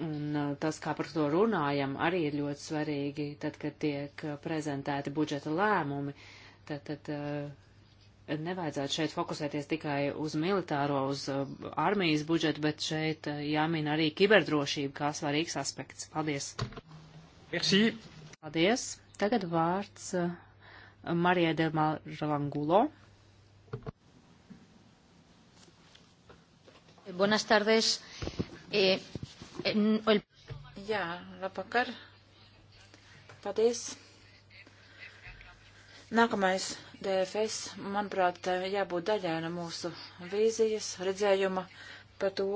Un uh, tas, kā par to runājam, arī ir ļoti svarīgi, tad, kad tiek uh, prezentēti budžeta lēmumi, tad, tad uh, nevajadzētu šeit fokusēties tikai uz militāro, uz armijas budžetu, bet šeit jāmin arī kiberdrošība kā svarīgs aspekts. Paldies! Merci! Paldies! Tagad vārds Marijai Delmarvangulo. Buenas tardes. Eh, El... Jā, labvakar. Paldies. Nākamais DFS, manuprāt, jābūt daļai no mūsu vīzijas, redzējuma par to,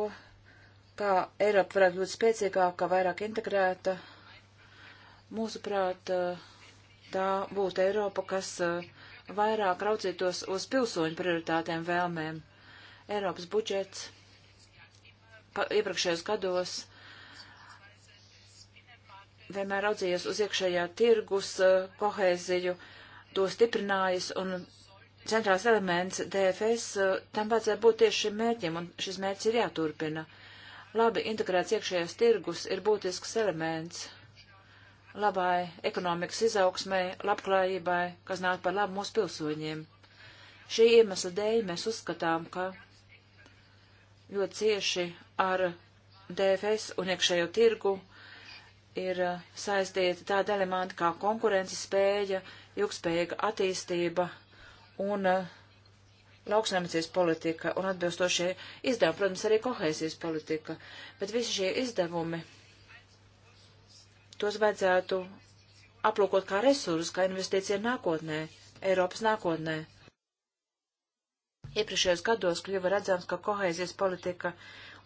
kā Eiropa varētu būt spēcīgāka, vairāk integrēta. Mūsuprāt, tā būtu Eiropa, kas eh, vairāk raucītos uz pilsoņu prioritātēm vēlmēm. Eiropas budžets iepriekšējos gados vienmēr raudzījies uz iekšējā tirgus eh, kohēziju, to stiprinājis un centrāls elements DFS, eh, tam vajadzētu būt tieši šim mērķim, un šis mērķis ir jāturpina. Labi integrēts iekšējais tirgus ir būtisks elements labai ekonomikas izaugsmai, labklājībai, kas nāk par labu mūsu pilsoņiem. Šī iemesla dēļ mēs uzskatām, ka ļoti cieši ar DFS un iekšējo tirgu ir eh, saistīti tādi elementi kā konkurences spēja, ilgspējīga attīstība un eh, lauksaimniecības politika un atbilstošie izdevumi, protams, arī kohēsijas politika. Bet visi šie izdevumi, tos vajadzētu aplūkot kā resursus, kā investīcija nākotnē, Eiropas nākotnē. Iepriekšējos gados kļuva redzams, ka kohēzijas politika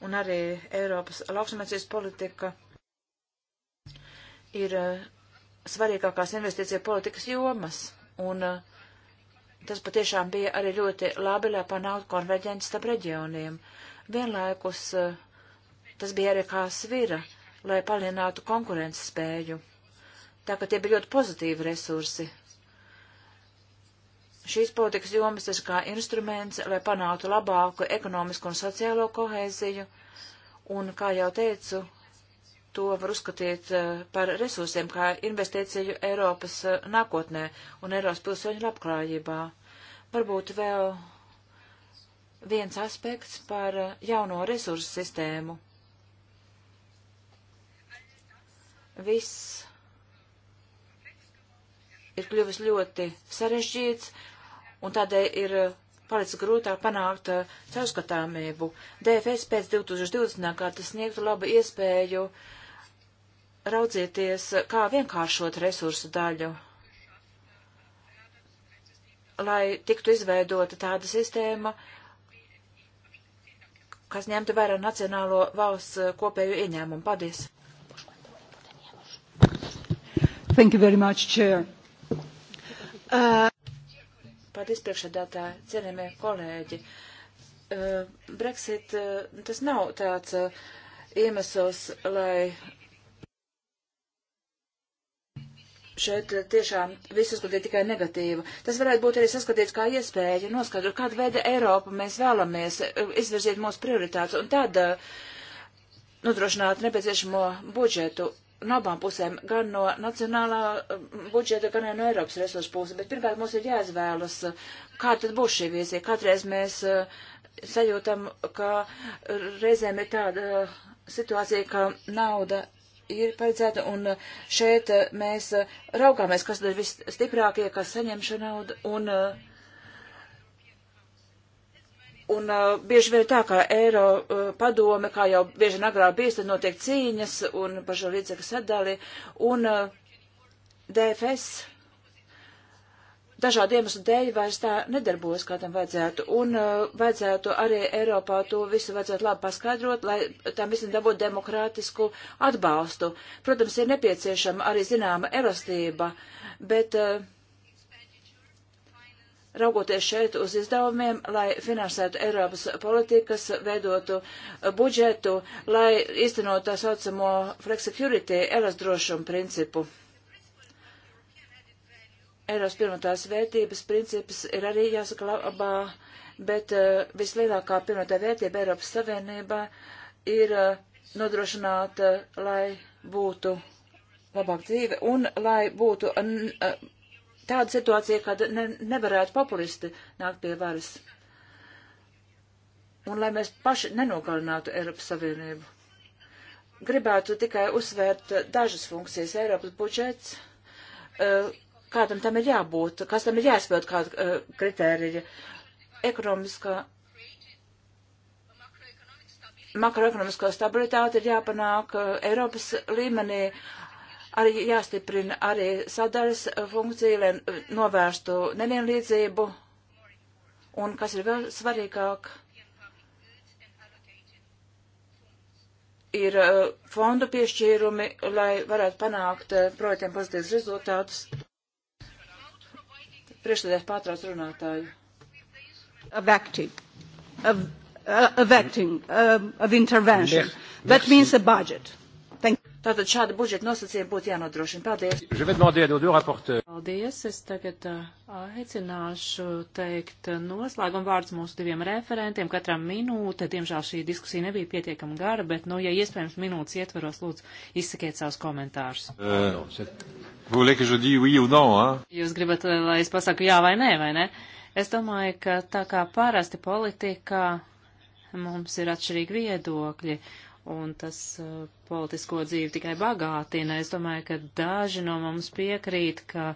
un arī Eiropas lauksaimniecības politika ir eh, svarīgākās investīcija politikas jomas, un eh, tas patiešām bija arī ļoti labi, lai panāktu konverģenci starp reģioniem. Vienlaikus eh, tas bija arī kā svira, lai palielinātu konkurences spēju. Tā ka tie bija ļoti pozitīvi resursi. Šīs politikas jomas ir kā instruments, lai panātu labāku ekonomisko un sociālo kohēziju, un, kā jau teicu, to var uzskatīt eh, par resursiem, kā investīciju Eiropas eh, nākotnē un Eiropas pilsoņu labklājībā. Varbūt vēl viens aspekts par eh, jauno resursu sistēmu. Viss ir kļuvis ļoti sarežģīts, un tādēļ ir palicis grūtāk panākt caurskatāmību. DFS pēc 2020. gada sniegtu labu iespēju uh, raudzieties, kā vienkāršot resursu daļu, lai tiktu izveidota tāda sistēma, kas ņemtu vērā nacionālo valsts eh, kopēju ieņēmumu. Paldies! Thank you very much, Chair. Uh... Paldies, priekšsēdētāji, cienījamie kolēģi. Uh, Brexit, uh, tas nav tāds uh, iemesls, lai šeit eh, tiešām viss uzskatīt tikai negatīvu. Tas varētu būt arī saskatīts kā iespēja noskaidrot, kādu veidu Eiropu mēs vēlamies, eh, izvirzīt mūsu prioritātes un tad eh, nodrošināt nepieciešamo budžetu no abām pusēm, gan no nacionālā budžeta, gan no Eiropas resursu puses. Bet pirmkārt mums ir jāizvēlas, kā tad būs šī vīzija. Katreiz mēs sajūtam, ka reizēm ir tāda situācija, ka nauda ir paredzēta, un uh, šeit uh, mēs uh, raugāmies, kas ir visstiprākie, kas saņem šo naudu, un, un bieži vien tā, kā Eiro padome, kā jau bieži agrāk bijis, tad notiek cīņas un par šo līdzekļu sadali, un DFS dažādu iemeslu dēļ vairs tā nedarbojas, kā tam vajadzētu. Un uh, vajadzētu arī Eiropā to visu vajadzētu labi paskaidrot, lai tam visam dabūtu demokrātisku atbalstu. Protams, ir nepieciešama arī zināma erostība, bet. Uh, Raugoties šeit uz izdevumiem, lai finansētu Eiropas politikas, veidotu uh, budžetu, lai īstenot tā saucamo flexicurity, elastrošumu principu. Eiros pirmotās vērtības princips ir arī jāsaklabā, bet uh, vislielākā pirmotā vērtība Eiropas Savienībā ir uh, eh, nodrošināt, uh, lai būtu labāk dzīve un lai būtu uh, tāda situācija, kad ne, nevarētu populisti nākt pie varas. Un lai mēs paši nenogalinātu Eiropas Savienību. Gribētu tikai uzsvērt dažas funkcijas Eiropas budžets. Uh, kādam tam ir jābūt, kas tam ir jāspēlēt kādu uh, eh, kritēriju. Ekonomiskā, makroekonomiskā stabilitāte ir jāpanāk uh, Eiropas līmenī, arī jāstiprina arī sadaļas eh, funkcija, lai novērstu nevienlīdzību. Un kas ir vēl svarīgāk, ir uh, fondu piešķīrumi, lai varētu panākt projektiem pozitīvus rezultātus. Priekšsēdētājs pārtrauc runātāju. Evacting. Ev, uh, evacting. Uh, um, of intervention. That means a budget. Tātad šādi budžeta nosacījumi būtu jānodrošina. Paldies! Paldies! Es tagad aicināšu teikt noslēgumu vārdus mūsu diviem referentiem. Katram minūte, diemžēl šī diskusija nebija pietiekama gara, bet, nu, ja iespējams minūtes ietvaros, lūdzu, izsakiet savus komentārus. Euh, Jūs gribat, lai es pasaku jā vai nē, vai ne? Es domāju, ka tā kā parasti politikā mums ir atšķirīgi viedokļi, un tas uh, politisko dzīvi tikai bagātina. Es domāju, ka daži no mums piekrīt, ka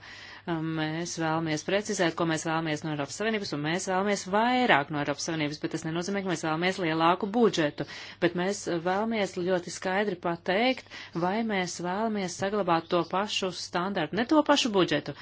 um, mēs vēlamies precizēt, ko mēs vēlamies no Eiropas Savienības, un mēs vēlamies vairāk no Eiropas Savienības, bet tas nenozīmē, ka mēs vēlamies lielāku budžetu, bet mēs uh, vēlamies ļoti skaidri pateikt, vai mēs vēlamies saglabāt to pašu standartu, ne to pašu budžetu,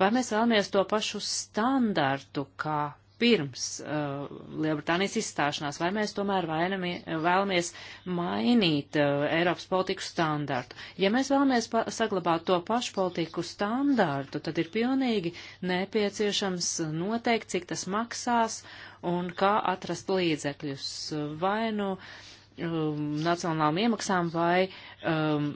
vai mēs vēlamies to pašu standartu, kā pirms uh, Lielbritānijas izstāšanās, vai mēs tomēr vainamie, vēlamies mainīt uh, Eiropas politiku standārtu. Ja mēs vēlamies saglabāt to pašu politiku standārtu, tad ir pilnīgi nepieciešams noteikt, cik tas maksās un kā atrast līdzekļus. Vai nu uh, um, nacionālām iemaksām vai um,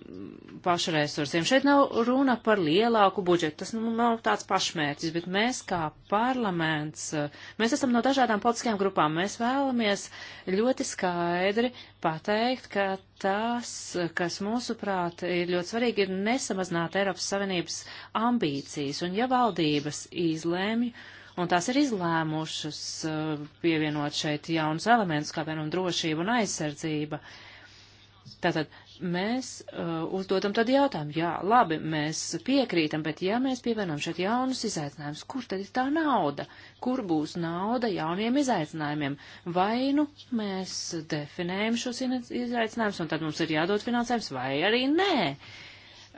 pašu resursiem. Šeit nav runa par lielāku budžetu, tas nu, nav tāds pašmērķis, bet mēs kā parlaments, uh, mēs esam no dažādām politiskajām grupām, mēs vēlamies ļoti skaidri pateikt, ka tas, kas mūsuprāt ir ļoti svarīgi, ir nesamazināt Eiropas Savienības ambīcijas, un ja valdības izlēmju, un tās ir izlēmušas uh, pievienot šeit jaunus elementus, kā piemēram drošība un aizsardzība. Tātad mēs uh, uzdodam tad jautājumu, jā, labi, mēs piekrītam, bet ja mēs pievienam šeit jaunus izaicinājumus, kur tad ir tā nauda? Kur būs nauda jauniem izaicinājumiem? Vai nu mēs definējam šos izaicinājumus un tad mums ir jādod finansējums, vai arī nē. Uh,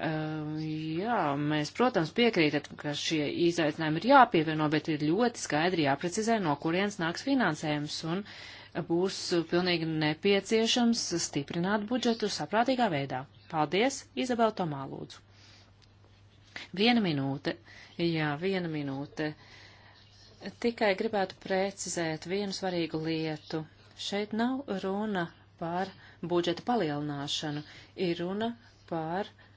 Jā, mēs, protams, piekrītat, ka šie izaicinājumi ir jāpievieno, bet ir ļoti skaidri jāprecizē, no kurienes nāks finansējums, un būs pilnīgi nepieciešams stiprināt budžetu saprātīgā veidā. Paldies, Izabela Tomā, lūdzu. Viena minūte, jā, viena minūte. Tikai gribētu precizēt vienu svarīgu lietu. Šeit nav runa par budžeta palielināšanu, ir runa par uh,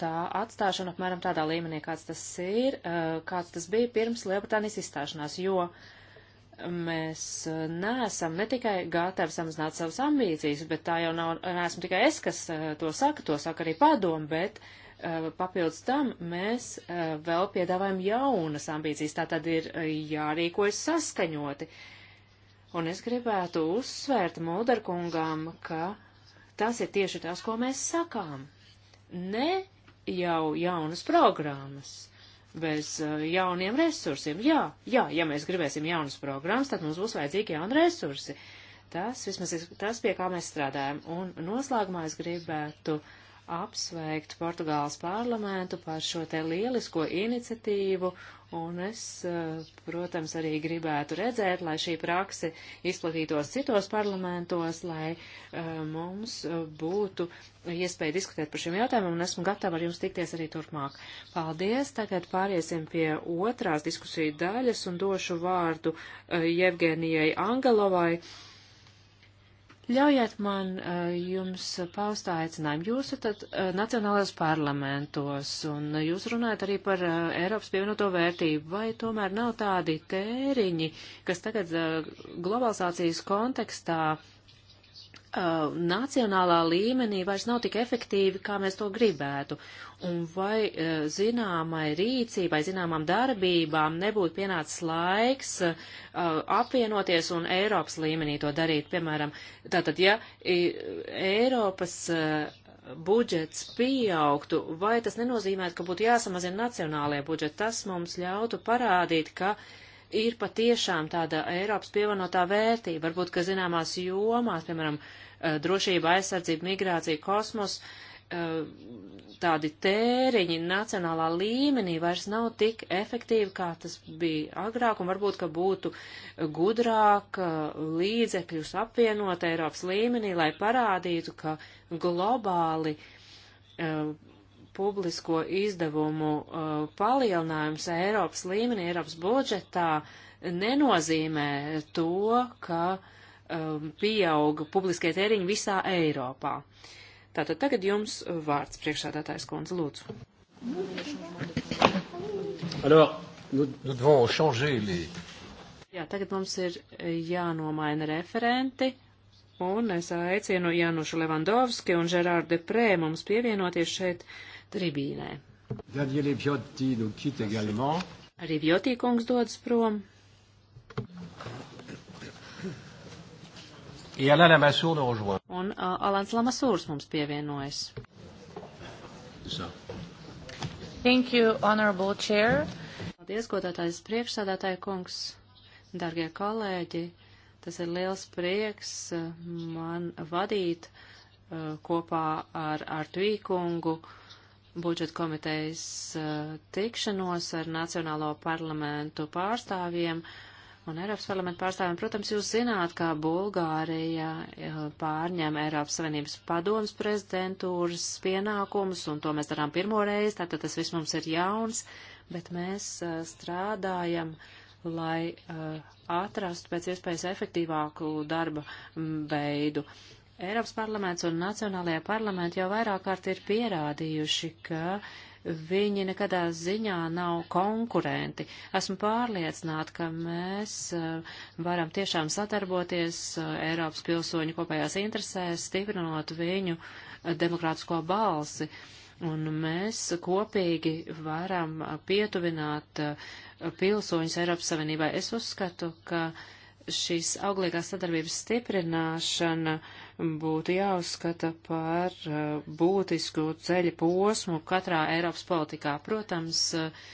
tā atstāšanu apmēram tādā līmenī, kāds tas ir, eh, kāds tas bija pirms Lielbritānijas izstāšanās, jo mēs eh, neesam ne tikai gatavi samazināt savas ambīcijas, bet tā jau nav, neesmu tikai es, kas eh, to saka, to saka arī padomu, bet papildus tam mēs vēl piedāvājam jaunas ambīcijas, tā tad ir jārīkojas saskaņoti. Un es gribētu uzsvērt Mūderkungam, ka tas ir tieši tas, ko mēs sakām ne jau jaunas programmas, bez uh, jauniem resursiem. Jā, jā, ja mēs gribēsim jaunas programmas, tad mums būs vajadzīgi jauni resursi. Tas vismaz ir tas, pie kā mēs strādājam. Un noslēgumā es gribētu uh, apsveikt Portugāles parlamentu par šo te lielisko iniciatīvu, un es, eh, protams, arī gribētu redzēt, lai šī prakse izplatītos citos parlamentos, lai uh, mums eh, būtu iespēja diskutēt par šiem jautājumiem, un esmu gatava ar jums tikties arī turpmāk. Paldies! Tagad pāriesim pie otrās diskusiju daļas un došu vārdu uh, Jevgenijai Angelovai Ļaujiet man eh, jums paust aicinājumu. Jūs esat eh, nacionālajos parlamentos un jūs runājat arī par eh, Eiropas pievienoto vērtību. Vai tomēr nav tādi tēriņi, kas tagad globalizācijas kontekstā uh, nacionālā līmenī vairs nav tik efektīvi, kā mēs to gribētu. Un vai uh, zināmai rīcībai, zināmām darbībām nebūtu pienācis laiks uh, apvienoties un Eiropas līmenī to darīt, piemēram, tātad, ja Eiropas uh, budžets pieaugtu, vai tas nenozīmē, ka būtu jāsamazina nacionālajie budžeti, tas mums ļautu parādīt, ka uh, ir patiešām tāda Eiropas pievienotā vērtība. Varbūt, ka zināmās jomās, piemēram, eh, drošība, aizsardzība, migrācija, kosmos, eh, tādi tēriņi nacionālā līmenī vairs nav tik efektīvi, kā tas bija agrāk, un varbūt, ka būtu gudrāk eh, līdzekļus apvienot Eiropas līmenī, lai parādītu, ka globāli publisko izdevumu uh, palielinājums Eiropas līmenī, Eiropas budžetā nenozīmē to, ka um, pieauga publiskie tēriņi visā Eiropā. Tātad tagad jums vārds priekšādātājs kundze, lūdzu. Alors, nous, nous devons changer les... Jā, tagad mums ir jānomaina referenti, un es aicinu Janušu Levandovski un Žerārdu Deprē mums pievienoties šeit uh, tribīnē. Nu, Arī Vjotī kungs dodas prom. Un uh, Alans Lamasūrs mums pievienojas. Thank you, Honorable Chair. Paldies, godātājs priekšsādātāja kungs, dargie kolēģi. Tas ir liels prieks uh, man vadīt uh, kopā ar Artuī kungu uh, budžeta komitejas uh, tikšanos ar Nacionālo parlamentu pārstāvjiem un Eiropas parlamentu pārstāvjiem. Protams, jūs zināt, kā Bulgārija uh, pārņem Eiropas Savienības padomas prezidentūras pienākumus, un to mēs darām pirmo reizi, tātad tas viss mums ir jauns, bet mēs uh, strādājam, lai uh, atrastu pēc iespējas efektīvāku darba mm, veidu. Um, Eiropas parlaments un Nacionālajie parlamenti jau vairāk kārt ir pierādījuši, ka viņi nekadā ziņā nav konkurenti. Esmu pārliecināta, ka mēs eh, varam tiešām sadarboties eh, Eiropas pilsoņu kopējās interesēs, stiprinot viņu eh, demokrātisko balsi un mēs kopīgi varam pietuvināt pilsoņus Eiropas Savienībai. Es uzskatu, ka šīs auglīgās sadarbības stiprināšana būtu jāuzskata par uh, būtisku ceļa posmu katrā Eiropas politikā. Protams, uh,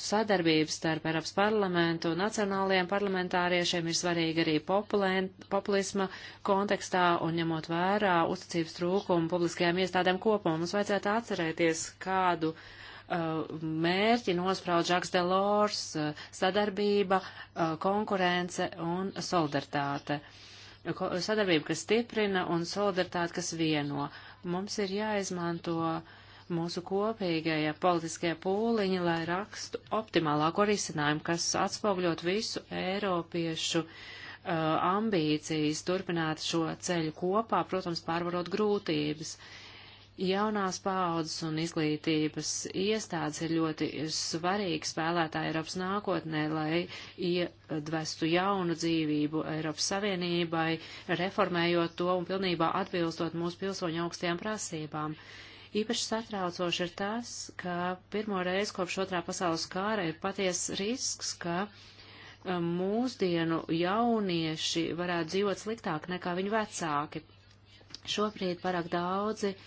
sadarbības starp Eiropas parlamentu un nacionālajiem parlamentāriešiem ir svarīga arī populisma kontekstā un ņemot vērā uzticības trūkumu publiskajām iestādēm kopumā. Mums vajadzētu atcerēties, kādu uh, Uh, mērķi nospraud Žaks Delors uh, - sadarbība, uh, konkurence un solidaritāte. Sadarbība, kas stiprina un solidaritāte, kas vieno. Mums ir jāizmanto mūsu kopīgajie politiskie pūliņi, lai rakstu optimālāko risinājumu, kas atspogļot visu Eiropiešu uh, ambīcijas turpināt šo ceļu kopā, protams, pārvarot grūtības. Uh, Jaunās paaudzes un izglītības iestādes ir ļoti svarīgi spēlētāji Eiropas nākotnē, lai iedvestu jaunu dzīvību Eiropas Savienībai, reformējot to un pilnībā atbilstot mūsu pilsoņu augstajām prasībām. Īpaši satraucoši ir tas, ka pirmo reizi kopš otrā pasaules kāra ir paties risks, ka um, mūsdienu jaunieši varētu dzīvot sliktāk nekā viņu vecāki. Šobrīd parāk daudzi uh,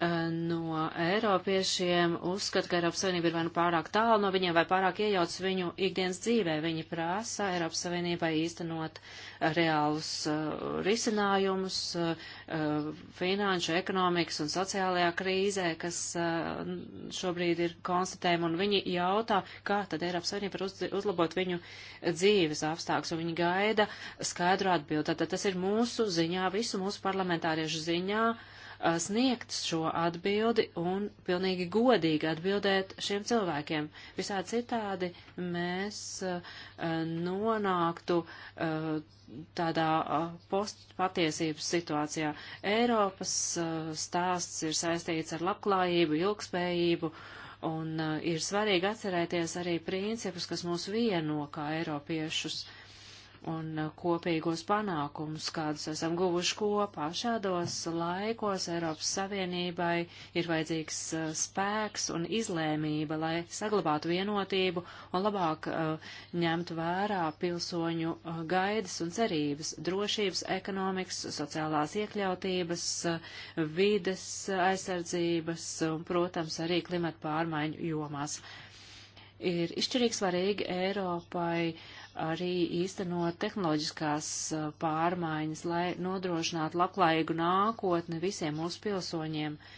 Eh, no Eiropiešiem uzskata, ka Eiropas Savienība ir vai nu pārāk tālu no viņiem, vai pārāk iejauc viņu ikdienas dzīvē. Viņi prasa Eiropas Savienībai īstenot eh, reālus uh, risinājumus uh, finanšu, ekonomikas un sociālajā krīzē, kas uh, šobrīd ir konstatējama, un viņi jautā, kā tad Eiropas Savienība var uzlabot viņu dzīves apstākļus, un viņi gaida skaidru atbildi. Tad tas ir mūsu ziņā, visu mūsu parlamentāriešu ziņā. Uh, sniegt šo atbildi un pilnīgi godīgi atbildēt šiem cilvēkiem. Visā citādi mēs nonāktu tādā postpatiesības situācijā. Eiropas stāsts ir saistīts ar labklājību, ilgspējību. Un uh, ir svarīgi atcerēties arī principus, kas mūs vieno kā Eiropiešus. Uh, un kopīgos panākumus, kādus esam guvuši kopā. Šādos laikos Eiropas Savienībai ir vajadzīgs uh, spēks un izlēmība, lai saglabātu vienotību un labāk uh, ņemtu vērā pilsoņu uh, gaidas un cerības - drošības, ekonomikas, sociālās iekļautības, uh, vides aizsardzības un, protams, arī klimata pārmaiņu jomās. Ir izšķirīgi svarīgi Eiropai uh, arī īstenot tehnoloģiskās pārmaiņas, lai nodrošinātu labklājīgu nākotni visiem mūsu pilsoņiem. Uh,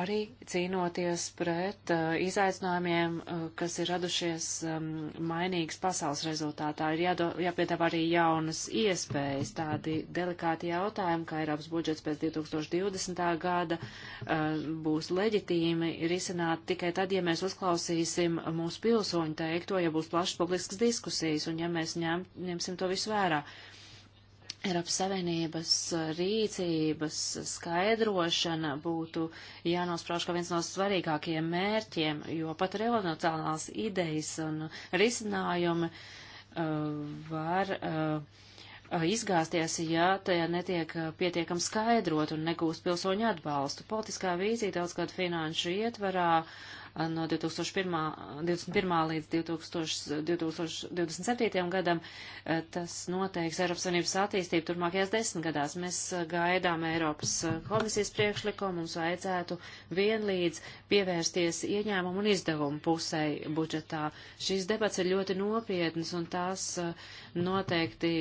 arī cīnoties pret uh, izaicinājumiem, uh, kas ir radušies um, mainīgas pasaules rezultātā. Ir jādo, jāpiedāvā arī jaunas iespējas, tādi delikāti jautājumi, kā Eiropas budžets pēc 2020. gada uh, būs leģitīmi risināt tikai tad, ja mēs uzklausīsim mūsu pilsoņu teikto, ja būs plašas publiskas diskusijas un ja mēs ņem, ņemsim to visu vērā. Uh, Eiropas Savienības eh, rīcības skaidrošana būtu jānosprauž kā viens no svarīgākajiem mērķiem, jo pat revolucionālās idejas un risinājumi uh, var uh, izgāzties, ja tajā netiek pietiekam skaidrot un negūst pilsoņu atbalstu. Politiskā vīzija daudzgad finanšu ietvarā uh, no 2001, 2021 līdz 2000, 2027 gadam. Eh, tas noteiks Eiropas Savienības attīstību turmākajās desmitgadās. Mēs eh, gaidām Eiropas eh, komisijas priekšlikumu, mums vajadzētu vienlīdz pievērsties ieņēmumu un izdevumu pusē budžetā. Šīs debats ir ļoti nopietnas un tās noteikti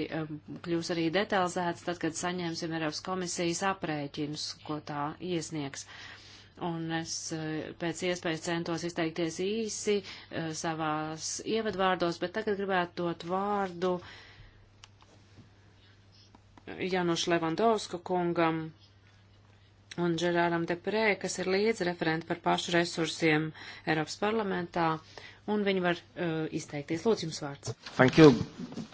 kļūs arī detalizētas tad, kad saņemsim Eiropas komisijas aprēķinus, ko tā iesniegs. Uh, un es eh, pēc iespējas centos izteikties īsi eh, savās ievadvārdos, bet tagad gribētu dot vārdu Janušu Levandovsku kungam un Žerāram Deprē, kas ir līdzreferenti par pašu resursiem Eiropas parlamentā, un viņi var uh, izteikties. Lūdzu, jums vārds. Thank you.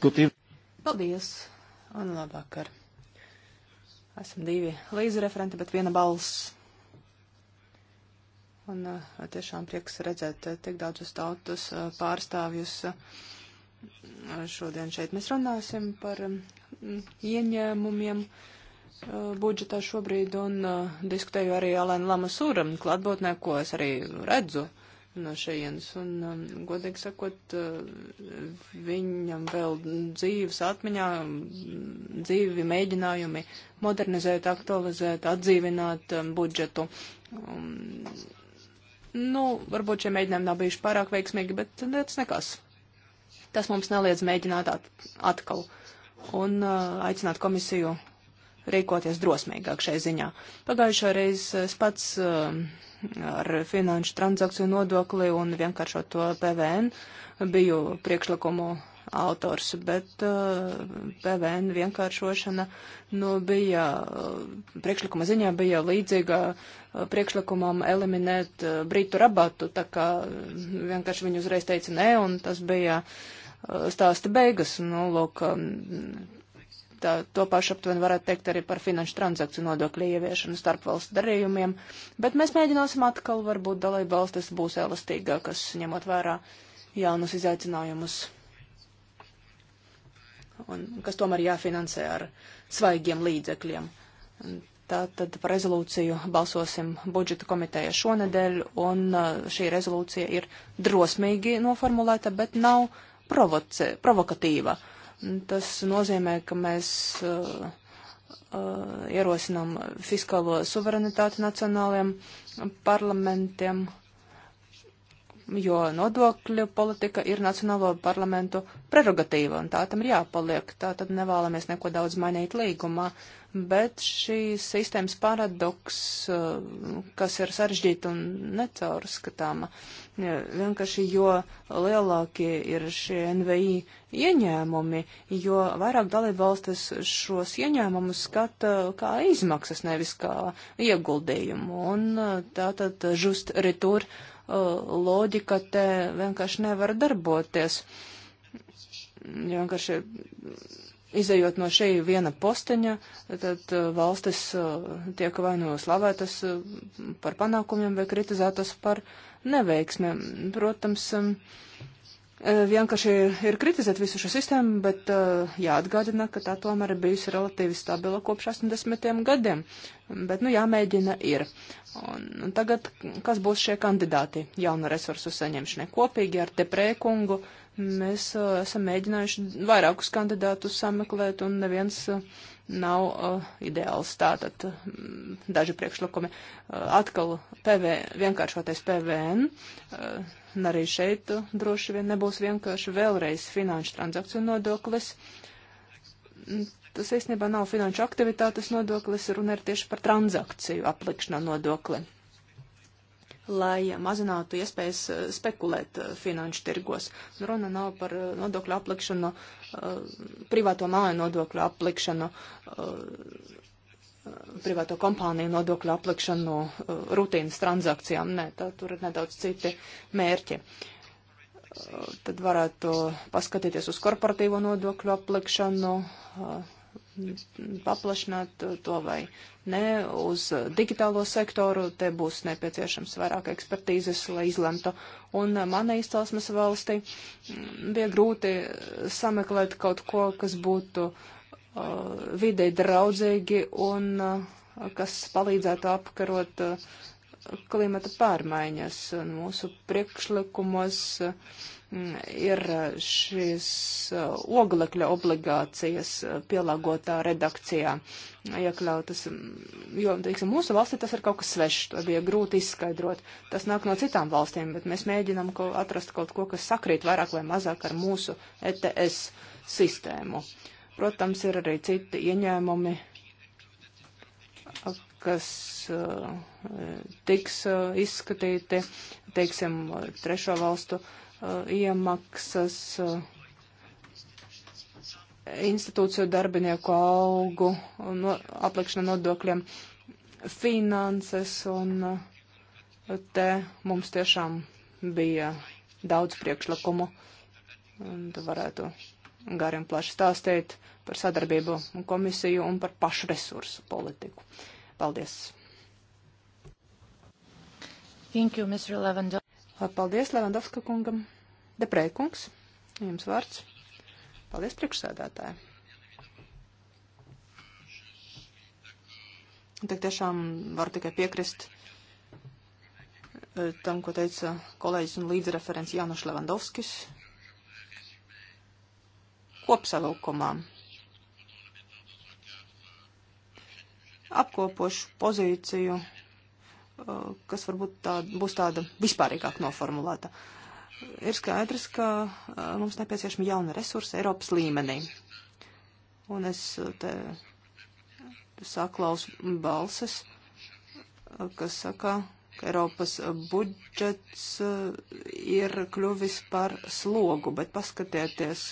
Good evening. Paldies, un labvakar. Esam divi līdzreferenti, bet viena balss Un tiešām prieks redzēt tik daudzus tautas pārstāvjus šodien šeit. Mēs runāsim par ieņēmumiem budžetā šobrīd un diskutēju arī Alēna Lamasūra klātbūtnē, ko es arī redzu no šejienes. Un, um, godīgi sakot, uh, viņam vēl dzīves atmiņā, dzīvi mēģinājumi modernizēt, aktualizēt, atdzīvināt um, budžetu. Um, Nu, varbūt šie mēģinājumi nav bijuši pārāk veiksmīgi, bet tas nekas. Tas mums neliedz mēģināt at atkal un uh, aicināt komisiju rīkoties drosmīgāk šai ziņā. Pagājušā reize es pats uh, ar finanšu transakciju nodokli un vienkāršo to PVN biju priekšlikumu autors, bet uh, PVN vienkāršošana nu, bija uh, priekšlikuma ziņā bija līdzīga uh, priekšlikumam eliminēt uh, brītu rabatu, tā kā vienkārši viņi uzreiz teica nē, un tas bija stāsta beigas. Nu, lūk, um, tā, to pašu aptuveni varētu teikt arī par finanšu transakciju nodokļu ieviešanu starp valstu darījumiem, bet mēs mēģināsim atkal, varbūt dalība valstis būs elastīgākas, ņemot vērā jaunus izaicinājumus un kas tomēr jāfinansē ar svaigiem līdzekļiem. Tātad par rezolūciju balsosim budžeta komiteja šonedēļ, un uh, šī rezolūcija ir drosmīgi noformulēta, bet nav provoce, provokatīva. Tas nozīmē, ka mēs uh, uh, ierosinām fiskālo suverenitāti nacionāliem parlamentiem. Uh, jo nodokļu politika ir Nacionālo parlamentu prerogatīva, un tā tam ir jāpaliek. Tā tad nevēlamies neko daudz mainīt līgumā, bet šī sistēmas paradoks, eh, kas ir sarežģīta un necaurskatāma, eh, vienkārši jo lielākie ir šie NVI ieņēmumi, jo vairāk dalību valstis šos ieņēmumus skata kā izmaksas, nevis kā ieguldījumu, un eh, tā tad just retur. Uh, loģika te vienkārši nevar darboties. Vienkārši izējot no šī viena posteņa, tad uh, valstis uh, tiek vai nu slavētas uh, par panākumiem vai kritizētas par neveiksmēm. Protams, um, Eh, vienkārši ir kritizēt visu šo sistēmu, bet uh, jāatgādina, ka tā tomēr ir bijusi relatīvi stabila kopš 80. gadiem. Bet, nu, jāmēģina ir. Un, un tagad, kas būs šie kandidāti jauna resursu saņemšanai kopīgi ar Deprēkungu, Mēs uh, esam mēģinājuši vairākus kandidātus sameklēt, un neviens uh, nav uh, ideāls. Tātad um, daži priekšlikumi uh, atkal PV, vienkāršoties PVN, uh, un arī šeit uh, droši vien nebūs vienkārši vēlreiz finanšu transakciju nodoklis. Tas īstenībā nav finanšu aktivitātes nodoklis, runa ir tieši par transakciju aplikšanu nodokli lai mazinātu iespējas eh, spekulēt eh, finanšu tirgos. Runa nav par eh, nodokļu aplikšanu, privāto māju nodokļu aplikšanu, privāto kompāniju nodokļu aplikšanu rutīnas transakcijām. Nē, tā tur ir nedaudz citi mērķi. Tad varētu paskatīties uz korporatīvo nodokļu aplikšanu, paplašināt to vai ne uz digitālo sektoru. Te būs nepieciešams vairāk ekspertīzes, lai izlemtu. Un mana izcelsmes valstī bija grūti sameklēt kaut ko, kas būtu uh, videi draudzīgi un uh, kas palīdzētu apkarot uh, klimata pārmaiņas. Un mūsu priekšlikumos uh, ir šīs uh, oglekļa obligācijas uh, pielāgotā redakcijā iekļautas. Mm, jo, teiksim, mūsu valstī tas ir kaut kas svešs, to bija grūti izskaidrot. Tas nāk no citām valstīm, bet mēs mēģinām ko, atrast kaut ko, kas sakrīt vairāk vai mazāk ar mūsu ETS sistēmu. Protams, ir arī citi ieņēmumi, kas uh, tiks izskatīti, teiksim, trešo valstu uh, Uh, iemaksas, uh, institūciju darbinieku algu, uh, no, aplikšana nodokļiem, finanses, un te mums tiešām bija daudz priekšlikumu, un tu varētu gari un plaši stāstīt par sadarbību un komisiju un par pašresursu politiku. Paldies! Thank you, Mr. Lavandel. Paldies Levandovska kungam. Deprēkungs, jums vārds. Paldies priekšsēdētāji. Tik tiešām var tikai piekrist eh, tam, ko teica kolēģis un līdzreferents Jānuš Levandovskis. Kopsavilkumā. Apkopošu pozīciju kas varbūt tā, būs tāda vispārīgāk noformulēta. Ir skaidrs, ka mums nepieciešami jauni resursi Eiropas līmenī. Un es te saklausu balses, kas saka, ka Eiropas budžets ir kļuvis par slogu, bet paskatieties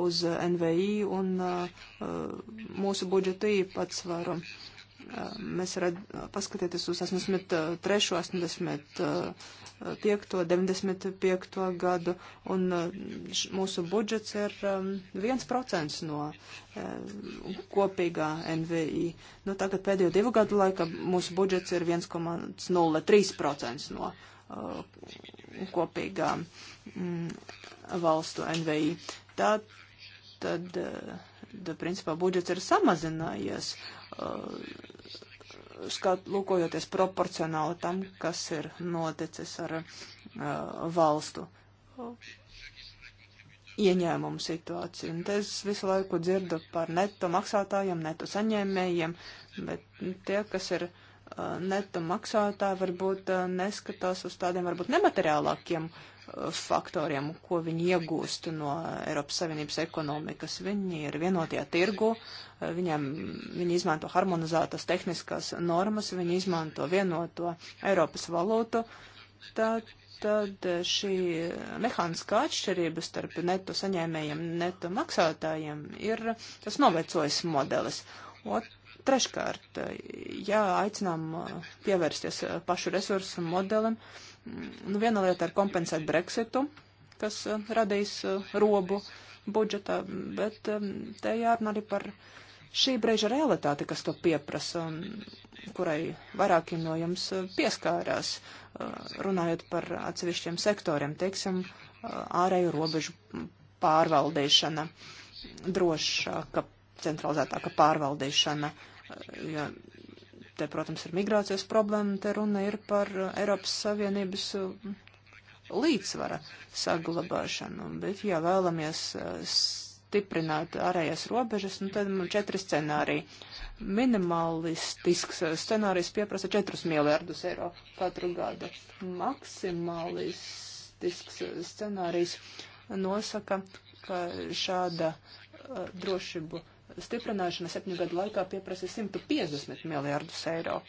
uz NVI un mūsu budžeta īpatsvaru. Uh, mēs redzam, paskatieties uz 83, 85, 95 gadu, un uh, mūsu budžets ir 1% um, no um, kopīgā NVI. Nu, tagad pēdējo divu gadu laikā mūsu budžets ir 1,03% no uh, kopīgā mm, valstu NVI. Tā tad, uh, tad, principā, budžets ir samazinājies. Uh, skat, lūkojoties proporcionāli tam, kas ir noticis ar uh, valstu ieņēmumu situāciju. Un es visu laiku dzirdu par neto maksātājiem, neto saņēmējiem, bet tie, kas ir uh, neto maksātāji, varbūt uh, neskatās uz tādiem varbūt nemateriālākiem uh, faktoriem, ko viņi iegūst no Eiropas Savienības ekonomikas. Viņi ir vienotie tirgu, viņiem, viņi izmanto harmonizētas tehniskās normas, viņi izmanto vienoto Eiropas valūtu. Tad, tad šī mehāniskā atšķirība starp neto saņēmējiem, neto maksātājiem ir tas novecojis modelis. Ot, treškārt, ja aicinām pievērsties pašu resursu modelim, uh, Nu, viena lieta ir kompensēt Brexitu, kas eh, radīs eh, robu budžetā, bet eh, te jārunā arī par šī brīža realitāti, kas to pieprasa un kurai vairāki no jums pieskārās, runājot par atsevišķiem sektoriem, teiksim, ārēju robežu pārvaldīšana, drošāka, centralizētāka pārvaldīšana, jo ja Te, protams, ir migrācijas problēma, te runa ir par Eiropas Savienības uh, līdzsvara saglabāšanu, bet, ja vēlamies uh, stiprināt ārējās robežas, nu, tad mums četri scenāriji. Minimalistisks uh, scenārijs pieprasa 4 miljārdus eiro katru gadu. Maksimalistisks scenārijs nosaka, ka šāda uh, drošību stiprināšana septiņu gadu laikā pieprasa 150 miljārdus eiro.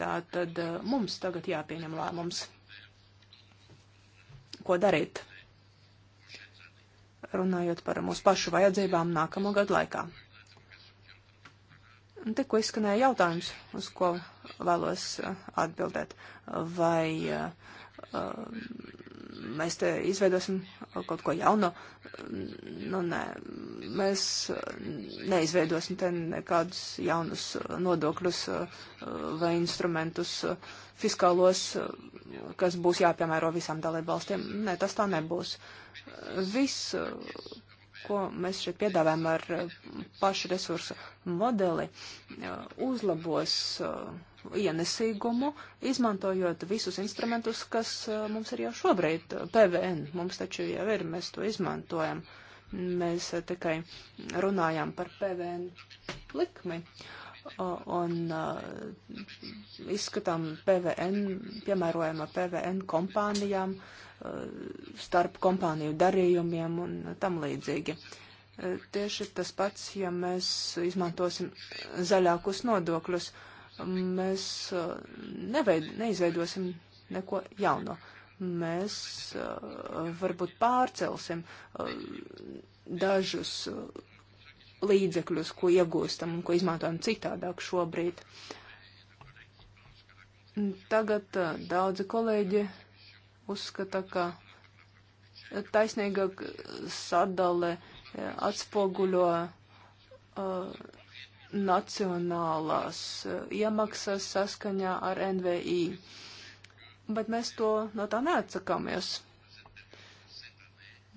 Tā tad eh, mums tagad jāpieņem lēmums, ko darīt, runājot par mūsu pašu vajadzībām nākamo gadu laikā. Tikko izskanēja jautājums, uz ko vēlos eh, atbildēt. Vai uh, mēs te izveidosim kaut ko jaunu. Nu, nē, mēs neizveidosim te nekādus jaunus nodokļus vai instrumentus fiskālos, kas būs jāpiemēro visām dalībvalstīm. Nē, tas tā nebūs. Viss, ko mēs šeit piedāvājam ar eh, pašu resursu modeli, eh, uzlabos eh, ienesīgumu, izmantojot visus instrumentus, kas mums ir jau šobrīd. PVN mums taču jau ir, mēs to izmantojam. Mēs tikai runājām par PVN likmi. Uh, un izskatām PVN, piemērojama PVN kompānijām, starp kompāniju darījumiem un tam līdzīgi. Tieši tas pats, ja mēs izmantosim zaļākus nodokļus, mēs neveid, neizveidosim neko jauno. Mēs varbūt pārcelsim dažus līdzekļus, ko iegūstam un ko izmantojam citādāk šobrīd. Tagad daudzi kolēģi uzskata, ka taisnīgāk sadale atspoguļo uh, nacionālās iemaksas saskaņā ar NVI. Bet mēs to no tā neatsakāmies.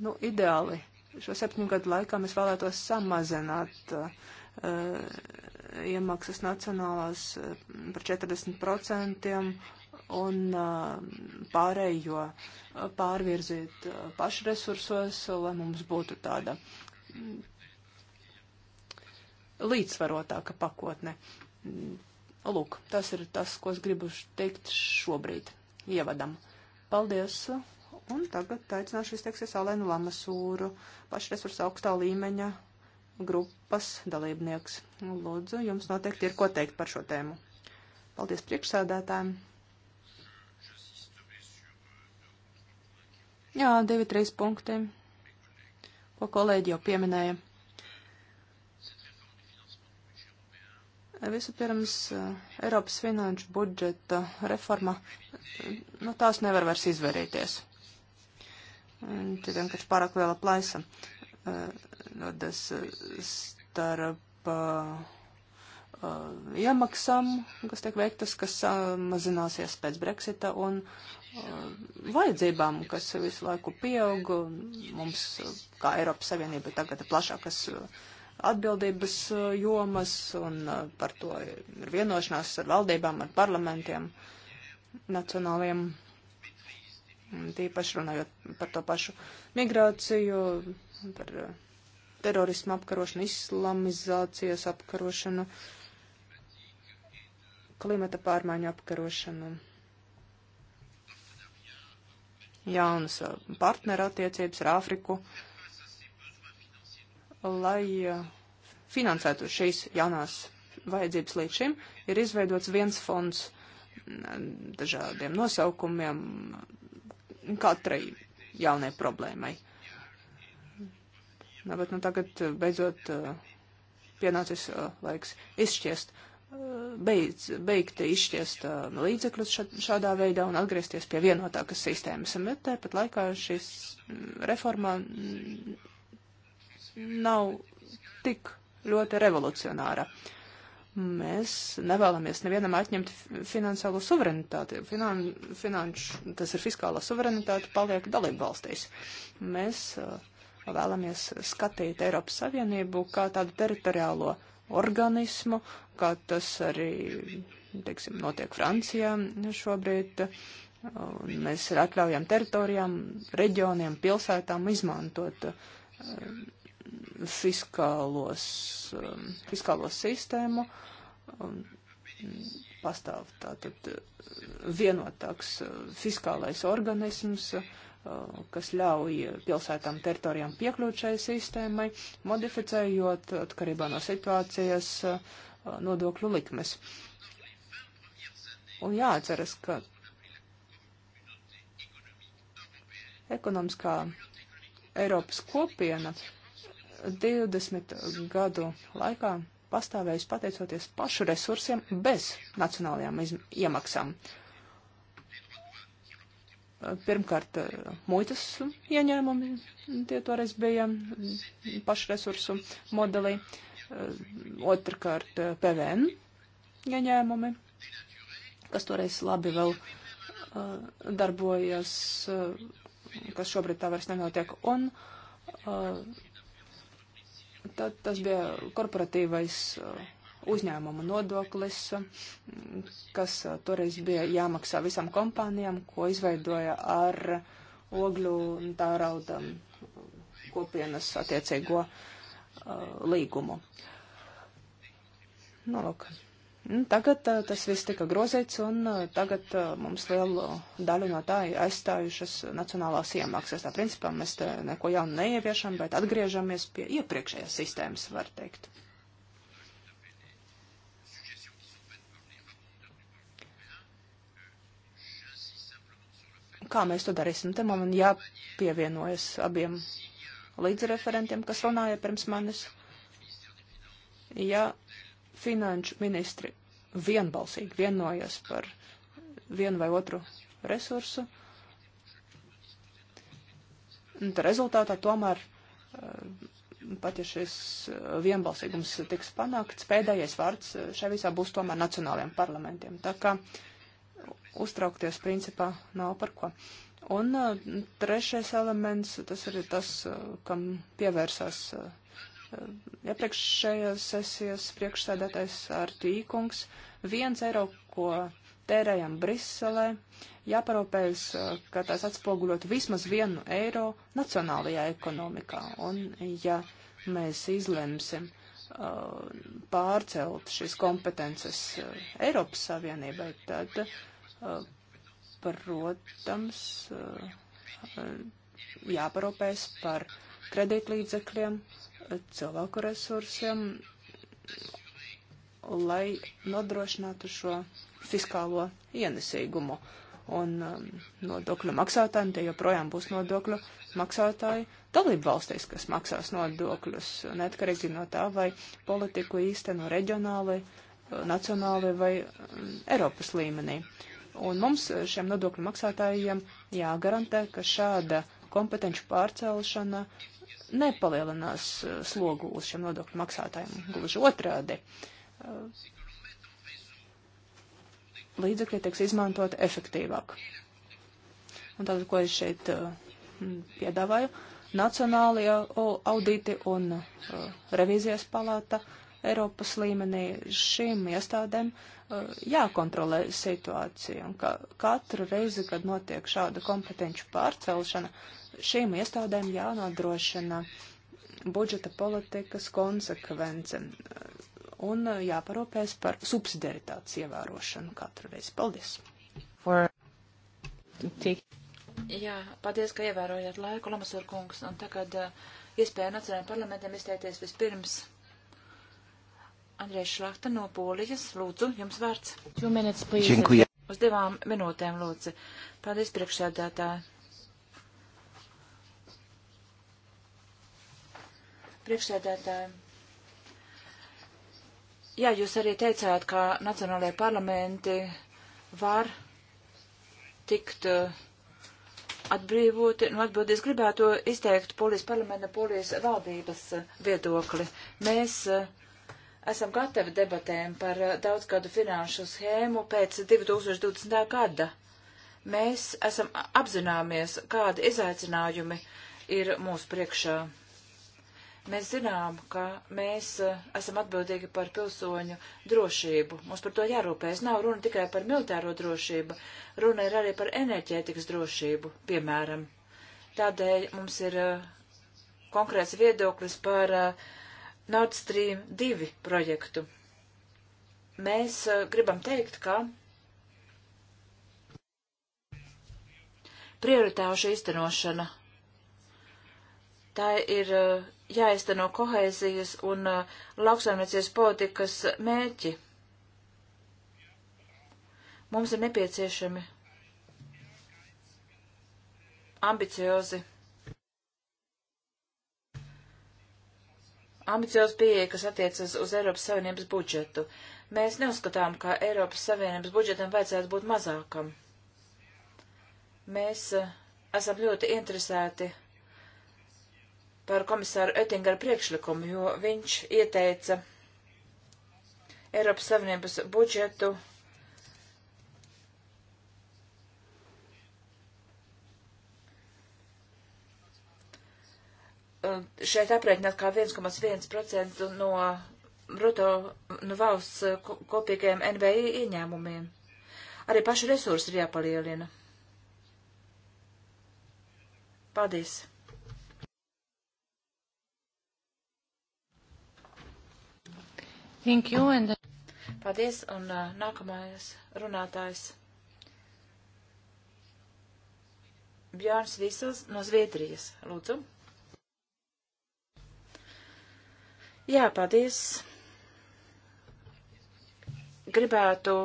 Nu, ideāli šo septiņu gadu laikā mēs vēlētos samazināt uh, iemaksas nacionālās eh, par 40% un eh, pārējo pārvirzīt pašresursos, lai mums būtu tāda mm, līdzsvarotāka pakotne. Mm, lūk, tas ir tas, ko es gribu teikt šobrīd. Ievadam. Paldies! Un tagad aicināšu izteiksies Alēnu Lamasūru, pašresursu augstā līmeņa grupas dalībnieks. Lūdzu, jums noteikti ir ko teikt par šo tēmu. Paldies priekšsēdētājiem. Jā, divi, trīs punkti, ko kolēģi jau pieminēja. Vispirms eh, Eiropas finanšu budžeta reforma, no nu, tās nevar vairs izvairīties. Te vienkārši pārāk liela plaisa rodas eh, eh, starp eh, iemaksām, kas tiek veiktas, kas mazināsies pēc Brexita un vajadzībām, kas visu laiku pieaug. Mums, kā Eiropas Savienība, tagad ir plašākas atbildības jomas, un par to ir vienošanās ar valdībām, ar parlamentiem, nacionāliem Tīpaši runājot par to pašu migrāciju, par eh, terorismu apkarošanu, islamizācijas apkarošanu, klimata pārmaiņu apkarošanu, jaunas eh, partneru attiecības ar Āfriku, lai eh, finansētu šīs jaunās vajadzības līdz šim, ir izveidots viens fonds dažādiem nosaukumiem katrai jaunai problēmai. Nu, bet nu, tagad eh, beidzot eh, pienācis eh, laiks izšķiest, beidz, beigt izšķiest līdzekļus šādā veidā un atgriezties pie vienotākas sistēmas. Bet tāpat laikā šis mm, reforma mm, nav tik ļoti revolucionāra. Uh, Mēs nevēlamies nevienam atņemt finansiālo suverenitāti. Finan, finanš, tas ir fiskālā suverenitāte, paliek dalību valstīs. Mēs uh, vēlamies skatīt Eiropas Savienību kā tādu teritoriālo organismu, kā tas arī, teiksim, notiek Francijā šobrīd. Un mēs atļaujam teritorijām, reģioniem, pilsētām izmantot uh, fiskālos, um, fiskālo sistēmu. Um, pastāv tātad uh, vienotāks uh, fiskālais organisms, uh, kas ļauj pilsētām teritorijām piekļūt šai sistēmai, modificējot atkarībā no situācijas nodokļu likmes. Un jāatceras, ka ekonomiskā Eiropas kopiena 20 gadu laikā pastāvējis pateicoties pašu resursiem bez nacionālajām iemaksām. Pirmkārt, muitas ieņēmumi tie toreiz bija pašu resursu modelī, otrkārt PVN ieņēmumi, kas toreiz labi vēl uh, darbojas, uh, kas šobrīd tā vairs nenotiek, un uh, Tad tas bija korporatīvais uh, uzņēmuma nodoklis, mm, kas uh, toreiz bija jāmaksā visām kompānijām, ko izveidoja ar ogļu un tā rauda mm, kopienas attiecīgo uh, līgumu. Nu, lūk, Nu, tagad tas viss tika grozīts, un tagad mums lielu daļu no tā ir aizstājušas nacionālās iemaksas. Tā principā mēs te neko jaunu neieviešam, bet atgriežamies pie iepriekšējās sistēmas, var teikt. Kā mēs to darīsim? Te man jāpievienojas abiem līdzreferentiem, kas runāja pirms manis. Ja finanšu ministri vienbalsīgi vienojas par vienu vai otru resursu. Un rezultātā tomēr, eh, pat ja šis eh, vienbalsīgums tiks panākts, pēdējais vārds eh, šai visā būs tomēr nacionālajiem parlamentiem. Tā kā uztraukties principā nav par ko. Un trešais elements, tas ir tas, kam pievērsās Iepriekšējās sesijas priekšsēdētais ar tīkungs viens eiro, ko tērējam Briselē, jāparūpējas, ka tās atspoguļot vismaz vienu eiro nacionālajā ekonomikā. Un ja mēs izlemsim uh, pārcelt šīs kompetences uh, Eiropas Savienībai, tad, uh, protams, uh, jāparūpēs par kredītlīdzekļiem, cilvēku resursiem, lai nodrošinātu šo fiskālo ienesīgumu. Un um, nodokļu maksātājiem tie joprojām būs nodokļu maksātāji dalību valstīs, kas maksās nodokļus, neatkarīgi no tā, vai politiku īsteno reģionāli, nacionāli vai um, Eiropas līmenī. Un mums uh, šiem nodokļu maksātājiem jāgarantē, ka šāda kompetenci pārcelšana nepalielinās eh, slogu uz šiem nodokļu maksātājiem. Gluži otrādi. Eh, līdzekļi tiks izmantot efektīvāk. Un tātad, ko es šeit eh, piedāvāju, nacionālajie audīti un revīzijas palāta Eiropas līmenī šīm iestādēm uh, jākontrolē situācija. Un ka katru reizi, kad notiek šāda kompetenču pārcelšana, Šīm iestādēm jānodrošina budžeta politikas konsekvence un jāparūpēs par subsidiaritātes ievērošanu katru reizi. Paldies! For... Jā, paldies, ka ievērojāt laiku, Lamasur kungs, un tagad uh, iespēja nacionālajiem parlamentiem izteikties vispirms. Andrēs Šlakta no Polijas, lūdzu, jums vārds. Minutes, Uz divām minūtēm, lūdzu. Paldies, priekšsēdētāji. priekšsēdētājiem. Jā, jūs arī teicāt, ka nacionālajie parlamenti var tikt eh, atbrīvoti. Nu, atbildies gribētu izteikt polijas parlamenta, polijas valdības eh, viedokli. Mēs eh, esam gatavi debatēm par daudzgadu finanšu schēmu pēc 2020. gada. Mēs esam apzināmies, kādi izaicinājumi ir mūsu priekšā. Mēs zinām, ka mēs uh, esam atbildīgi par pilsoņu drošību. Mums par to jārūpējas. Nav runa tikai par militāro drošību, runa ir arī par enerģētikas drošību, piemēram. Tādēļ mums ir uh, konkrēts viedoklis par uh, Nord Stream 2 projektu. Mēs gribam teikt, ka prioritāšu iztenošana tā ir jāizteno kohēzijas un uh, lauksaimniecības politikas mērķi. Mums ir nepieciešami ambiciozi. ambiciozi pieeja, kas attiecas uz Eiropas Savienības budžetu. Mēs neuzskatām, ka Eiropas Savienības budžetam vajadzētu būt mazākam. Mēs uh, esam ļoti interesēti par komisāru Oettingeru priekšlikumu, jo viņš ieteica Eiropas Savienības budžetu šeit aprēķināt kā 1,1% no bruto no valsts kopīgajiem NVI ieņēmumiem. Arī paši resursi ir jāpalielina. Paldies! Thank you. And... Paldies, un uh, nākamais runātājs. Bjārns Visels no Zviedrijas. Lūdzu. Jā, paldies. Gribētu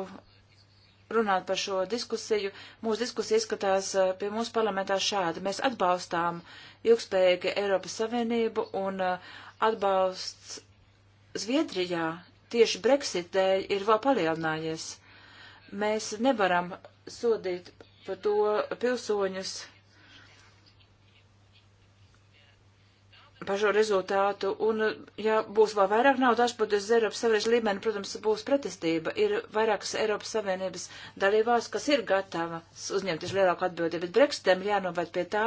runāt par šo diskusiju. Mūsu diskusija izskatās uh, pie mūsu parlamentā šādi. Mēs atbalstām ilgspējīgi Eiropas Savienību un uh, atbalsts Zviedrijā tieši Brexit dēļ ir vēl palielinājies. Mēs nevaram sodīt par to pilsoņus, pašo rezultātu, un ja būs vēl vairāk naudas atpūtas Eiropas Savienības līmeni, protams, būs pretestība. Ir vairākas Eiropas Savienības dalībās, kas ir gatavas uzņemties lielāku atbildību, bet Brexitam jānovērt pie tā,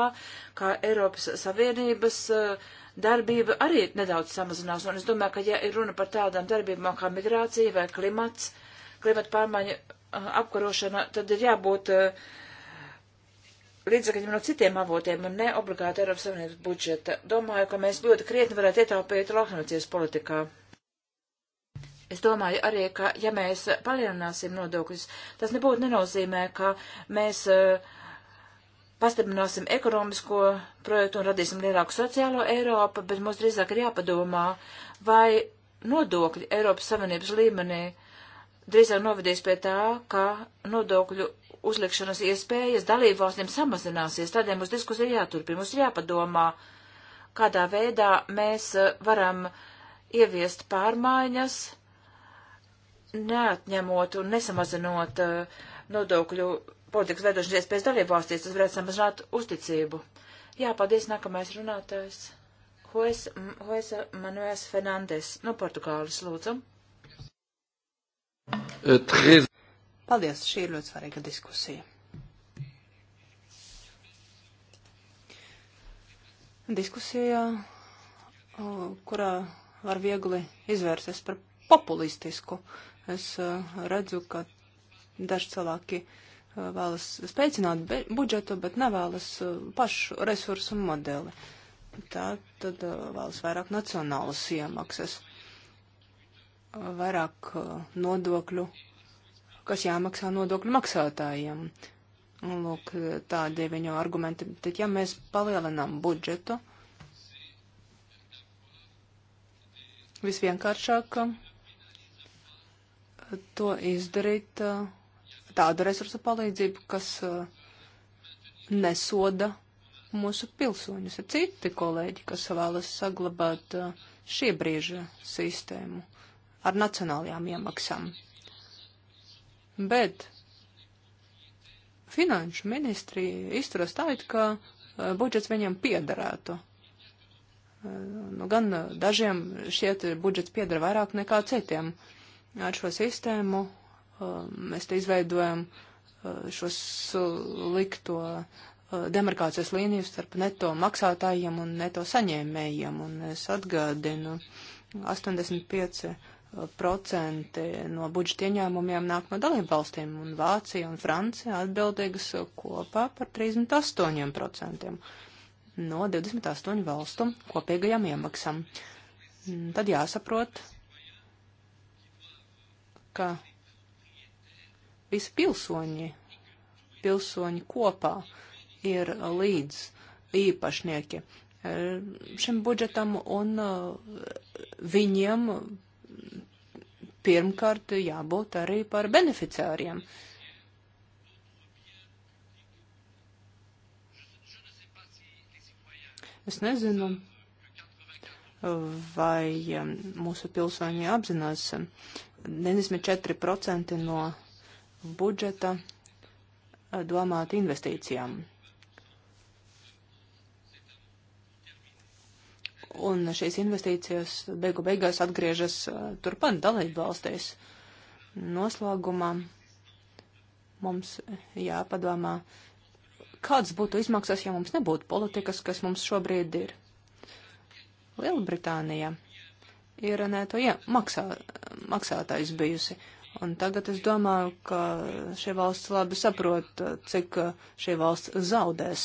ka Eiropas Savienības eh, darbība arī nedaudz samazinās, un es domāju, ka ja ir runa par tādām darbībām kā migrācija vai klimats, klimata pārmaiņa eh, apkarošana, tad ir jābūt uh, līdzekļiem no citiem avotiem un ne obligāti Eiropas Savienības budžeta. Domāju, ka mēs ļoti krietni varētu ietaupīt lauksnācijas politikā. Es domāju arī, ka ja mēs palielināsim nodokļus, tas nebūtu nenozīmē, ka mēs uh, pastiprināsim ekonomisko projektu un radīsim lielāku sociālo Eiropu, bet mums drīzāk ir jāpadomā, vai nodokļi Eiropas Savienības līmenī drīzāk novedīs pie tā, ka nodokļu uzlikšanas iespējas dalību valstīm samazināsies, tādēļ mums diskusija jāturpina, mums jāpadomā, kādā veidā mēs eh, varam ieviest pārmaiņas, neatņemot un nesamazinot eh, nodokļu politikas veidošanas iespējas dalību valstīs, tas varētu samazināt uzticību. Jā, paldies, nākamais runātājs. Hoes, Hoes Manuels Fernandes no Portugāles, lūdzu. Uh, Paldies, šī ir ļoti svarīga diskusija. Diskusija, kurā var viegli izvērsties par populistisku. Es redzu, ka daži cilvēki vēlas spēcināt budžetu, bet nevēlas pašu resursu modeli. Tā tad vēlas vairāk nacionālas iemaksas, vairāk nodokļu kas jāmaksā nodokļu maksātājiem. Un, lūk, tādi viņu argumenti. Tad, ja mēs palielinām budžetu, visvienkāršāk eh, to izdarīt eh, tādu resursu palīdzību, kas eh, nesoda mūsu pilsoņus. Ir citi kolēģi, kas vēlas saglabāt šie brīža sistēmu ar nacionālajām iemaksām bet finanšu ministri izturas tā, it kā budžets viņiem piederētu. Eh, nu, gan eh, dažiem šiet eh, budžets pieder vairāk nekā citiem. Ar šo sistēmu mēs te izveidojam šo slikto demarkācijas līniju starp neto maksātājiem un neto saņēmējiem. Un es atgādinu 85 procenti no budžeta ieņēmumiem nāk no dalību valstīm, un Vācija un Francija atbildīgas kopā par 38% no 28 valstu kopīgajām iemaksām. Tad jāsaprot, ka visi pilsoņi, pilsoņi kopā ir līdz īpašnieki eh, šim budžetam un eh, viņiem pirmkārt jābūt arī par beneficāriem. Es nezinu, vai um, mūsu pilsoņi apzinās 94% um, no budžeta uh, domāt investīcijām. un šīs investīcijas beigu beigās atgriežas turpat dalību valstīs. Noslēgumā mums jāpadomā, kāds būtu izmaksas, ja mums nebūtu politikas, kas mums šobrīd ir. Lielbritānija ir ne to ja, maksā, maksātājs bijusi Un tagad es domāju, ka šie valsts labi saprot, cik uh, šie valsts zaudēs,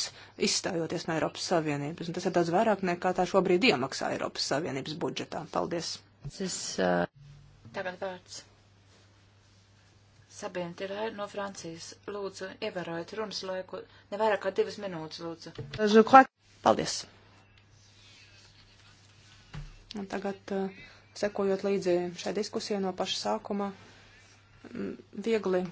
izstājoties no Eiropas Savienības. Un tas ir daudz vairāk nekā tā šobrīd iemaksā Eiropas Savienības budžetā. Paldies. Es, uh... Tagad vārds. Sabien Tirē no Francijas. Lūdzu, ievērojiet runas laiku. Nevairāk kā divas minūtes, lūdzu. Paldies. Un tagad, uh, sekojot līdzi šai diskusijai no paša sākuma, viegli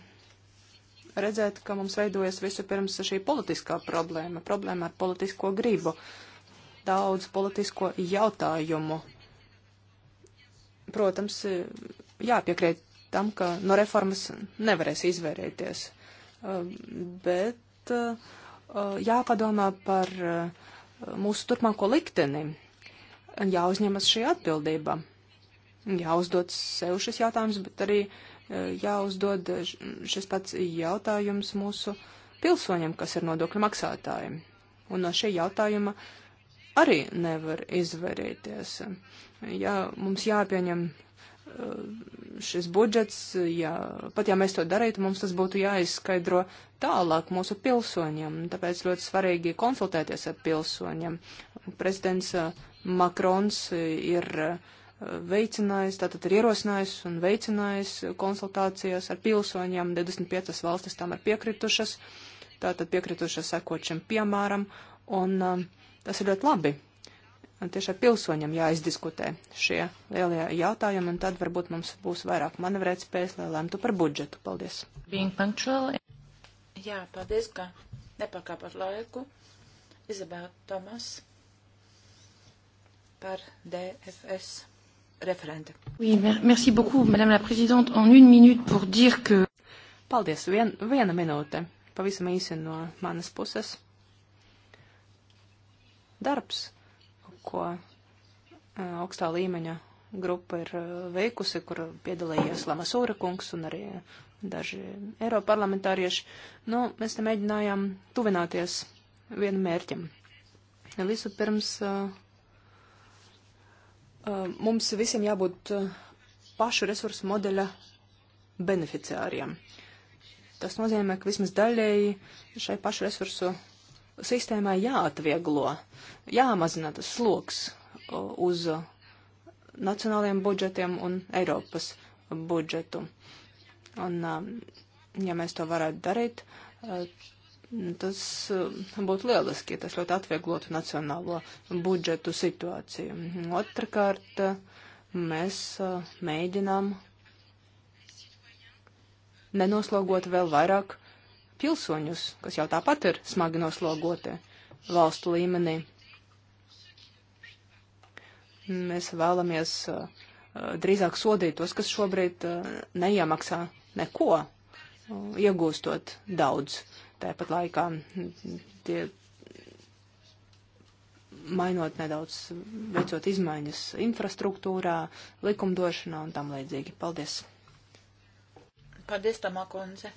redzēt, ka mums veidojas visu pirms šī politiskā problēma, problēma ar politisko gribu, daudz politisko jautājumu. Protams, jāpiekrīt tam, ka no reformas nevarēs izvērēties, uh, bet uh, uh, jāpadomā par mūsu turpmāko likteni, jāuzņemas šī atbildība, jāuzdod sev šis jautājums, bet arī uh, jāuzdod šis pats jautājums mūsu pilsoņiem, kas ir nodokļu maksātāji. Un no šī jautājuma arī nevar izvairīties. Ja mums jāpieņem uh, šis budžets, ja, pat ja mēs to darītu, mums tas būtu jāizskaidro tālāk mūsu pilsoņiem. Tāpēc ļoti svarīgi konsultēties ar pilsoņiem. Prezidents uh, Makrons uh, ir uh, veicinājis, tātad ir ierosinājis un veicinājis konsultācijas ar pilsoņiem, 25 valstis tam ir piekritušas, tātad piekritušas sekot šim piemēram, un um, tas ir ļoti labi. Un tieši ar pilsoņiem jāizdiskutē šie lielie jautājumi, un tad varbūt mums būs vairāk manevrēt spējas, lai lemtu par budžetu. Paldies. Jā, paldies, ka nepakāpat laiku. Izabela Tomas par DFS referente. Oui, merci beaucoup, madame la présidente. En une minute pour dire que. Paldies, vien, viena minūte. Pavisam īsi no manas puses. Darbs, ko augstā līmeņa grupa ir veikusi, kur piedalījies Lamasūra kungs un arī daži eiroparlamentārieši, nu, mēs te mēģinājām tuvināties vienam mērķim. Visu pirms uh, Eh, mums visiem jābūt eh, pašu resursu modeļa beneficiāriem. Tas nozīmē, ka vismaz daļēji šai pašu resursu sistēmai jāatvieglo, jāmazina tas sloks eh, uz nacionāliem budžetiem un Eiropas budžetu. Un, ja mēs to varētu darīt, Tas um, būtu lieliski, ja tas ļoti atvieglotu nacionālo budžetu situāciju. Otrakārt, mēs uh, mēģinām nenoslogot vēl vairāk pilsoņus, kas jau tāpat ir smagi noslogoti valstu līmenī. Mēs vēlamies uh, drīzāk sodīt tos, kas šobrīd uh, neiemaksā neko, iegūstot daudz tāpat laikā tie mainot nedaudz, veicot izmaiņas infrastruktūrā, likumdošanā un tam līdzīgi. Paldies! Paldies, Tamā kundze!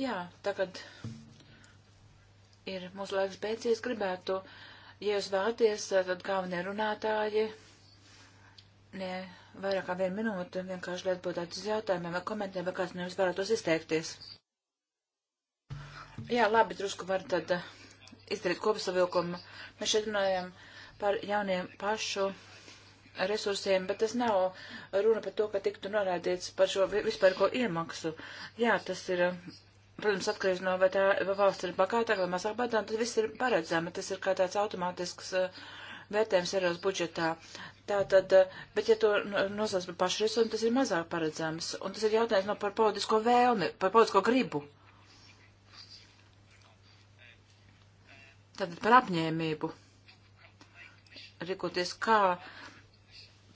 Jā, tagad ir mūsu laiks beidzies, gribētu, ja jūs vēlaties, tad galvenie runātāji, ne vairāk kā vienu minūti, vienkārši liet būtu tādus jautājumiem vai komentiem, vai kāds no jums vēlētos izteikties. Jā, labi, drusku var tad eh, izdarīt kopsavilkumu. Mēs šeit runājam par jauniem pašu resursiem, bet tas nav runa par to, ka tiktu norādīts par šo vispārko iemaksu. Jā, tas ir, eh, protams, atkarīgs no, vai tā vai valsts ir bagātāka vai mazāk bagātāka, tad viss ir paredzami, tas ir kā tāds automātisks eh, vērtējums Eiropas budžetā. Tātad, bet ja to nosauc par pašresursu, tas ir mazāk paredzams, un tas ir jautājums no par politisko vēlmi, par politisko gribu. Tad par apņēmību. Rikoties, kā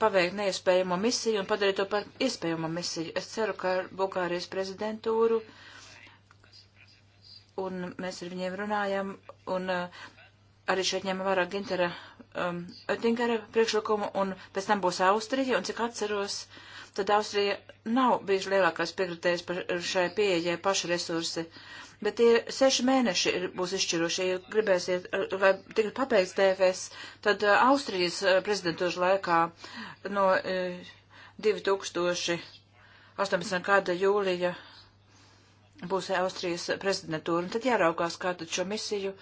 paveikt neiespējamo misiju un padarīt to par iespējamo misiju. Es ceru, ka ar Bulgārijas prezidentūru, un mēs ar viņiem runājam, un uh, arī šeit ņemam vērā Gintera um, Oettingera priekšlikumu, un pēc tam būs Austrija, un cik atceros, tad Austrija nav bijusi lielākais piekritējs par šai pieejai pašresursi. resursi bet tie seši mēneši ir, būs izšķirošie, ja gribēsiet, lai tikai pabeigts DFS, tad eh, Austrijas eh, prezidentūža laikā no 2018. Eh, gada jūlija būs Austrijas prezidentūra, un tad jāraugās, kā tad šo misiju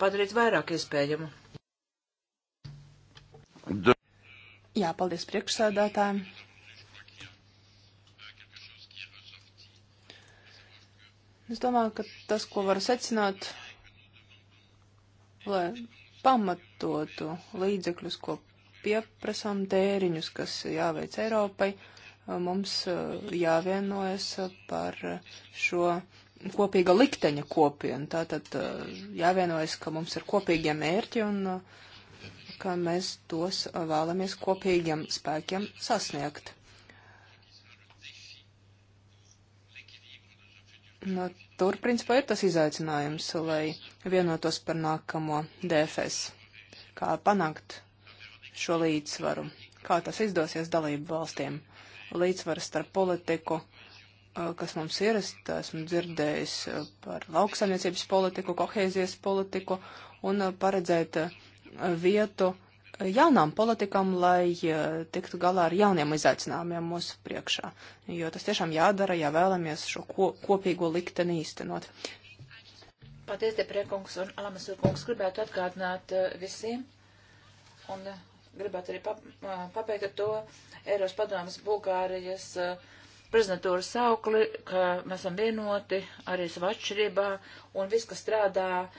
padarīt vairāk iespējamu. Jā, paldies priekšsēdētājiem. Es domāju, ka tas, ko var secināt, lai pamatotu līdzekļus, ko pieprasām tēriņus, kas jāveic Eiropai, mums eh, jāvienojas par šo kopīga likteņa kopienu. Tātad eh, jāvienojas, ka mums ir kopīgie mērķi un eh, ka mēs tos vēlamies kopīgiem spēkiem sasniegt. No, nu, tur, principā, ir tas izaicinājums, lai vienotos par nākamo DFS. Kā panākt šo līdzsvaru? Kā tas izdosies dalību valstīm? Līdzsvaru starp politiku, kas mums ir, es esmu dzirdējis par lauksaimniecības politiku, kohēzijas politiku un paredzēt vietu uh, jaunām politikām, lai e, tiktu galā ar jauniem izaicinājumiem mūsu priekšā. Jo tas tiešām jādara, ja vēlamies šo ko, kopīgo likteni īstenot. Paldies, Deprēkungs un Alamasurkungs. Gribētu atgādināt e, visiem un e, gribētu arī pabeigt ar to Eiros padomas Bulgārijas prezidentūras saukli, ka mēs esam vienoti arī savā atšķirībā un viss, kas strādā uh,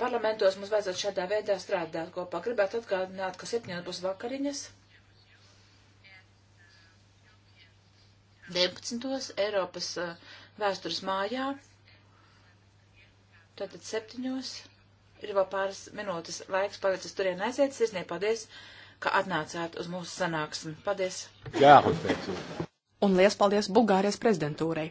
parlamentos mums vajadzētu šādā veidā strādāt kopā. Gribētu atgādināt, ka septiņos būs vakariņas. 19. Eiropas vēstures mājā. Tātad septiņos. Ir vēl pāris minūtes laiks palicis turien aiziet. Sirsnīgi paldies, ka atnācāt uz mūsu sanāksmi. Paldies! Jā, Un liels paldies Bulgārijas prezidentūrai!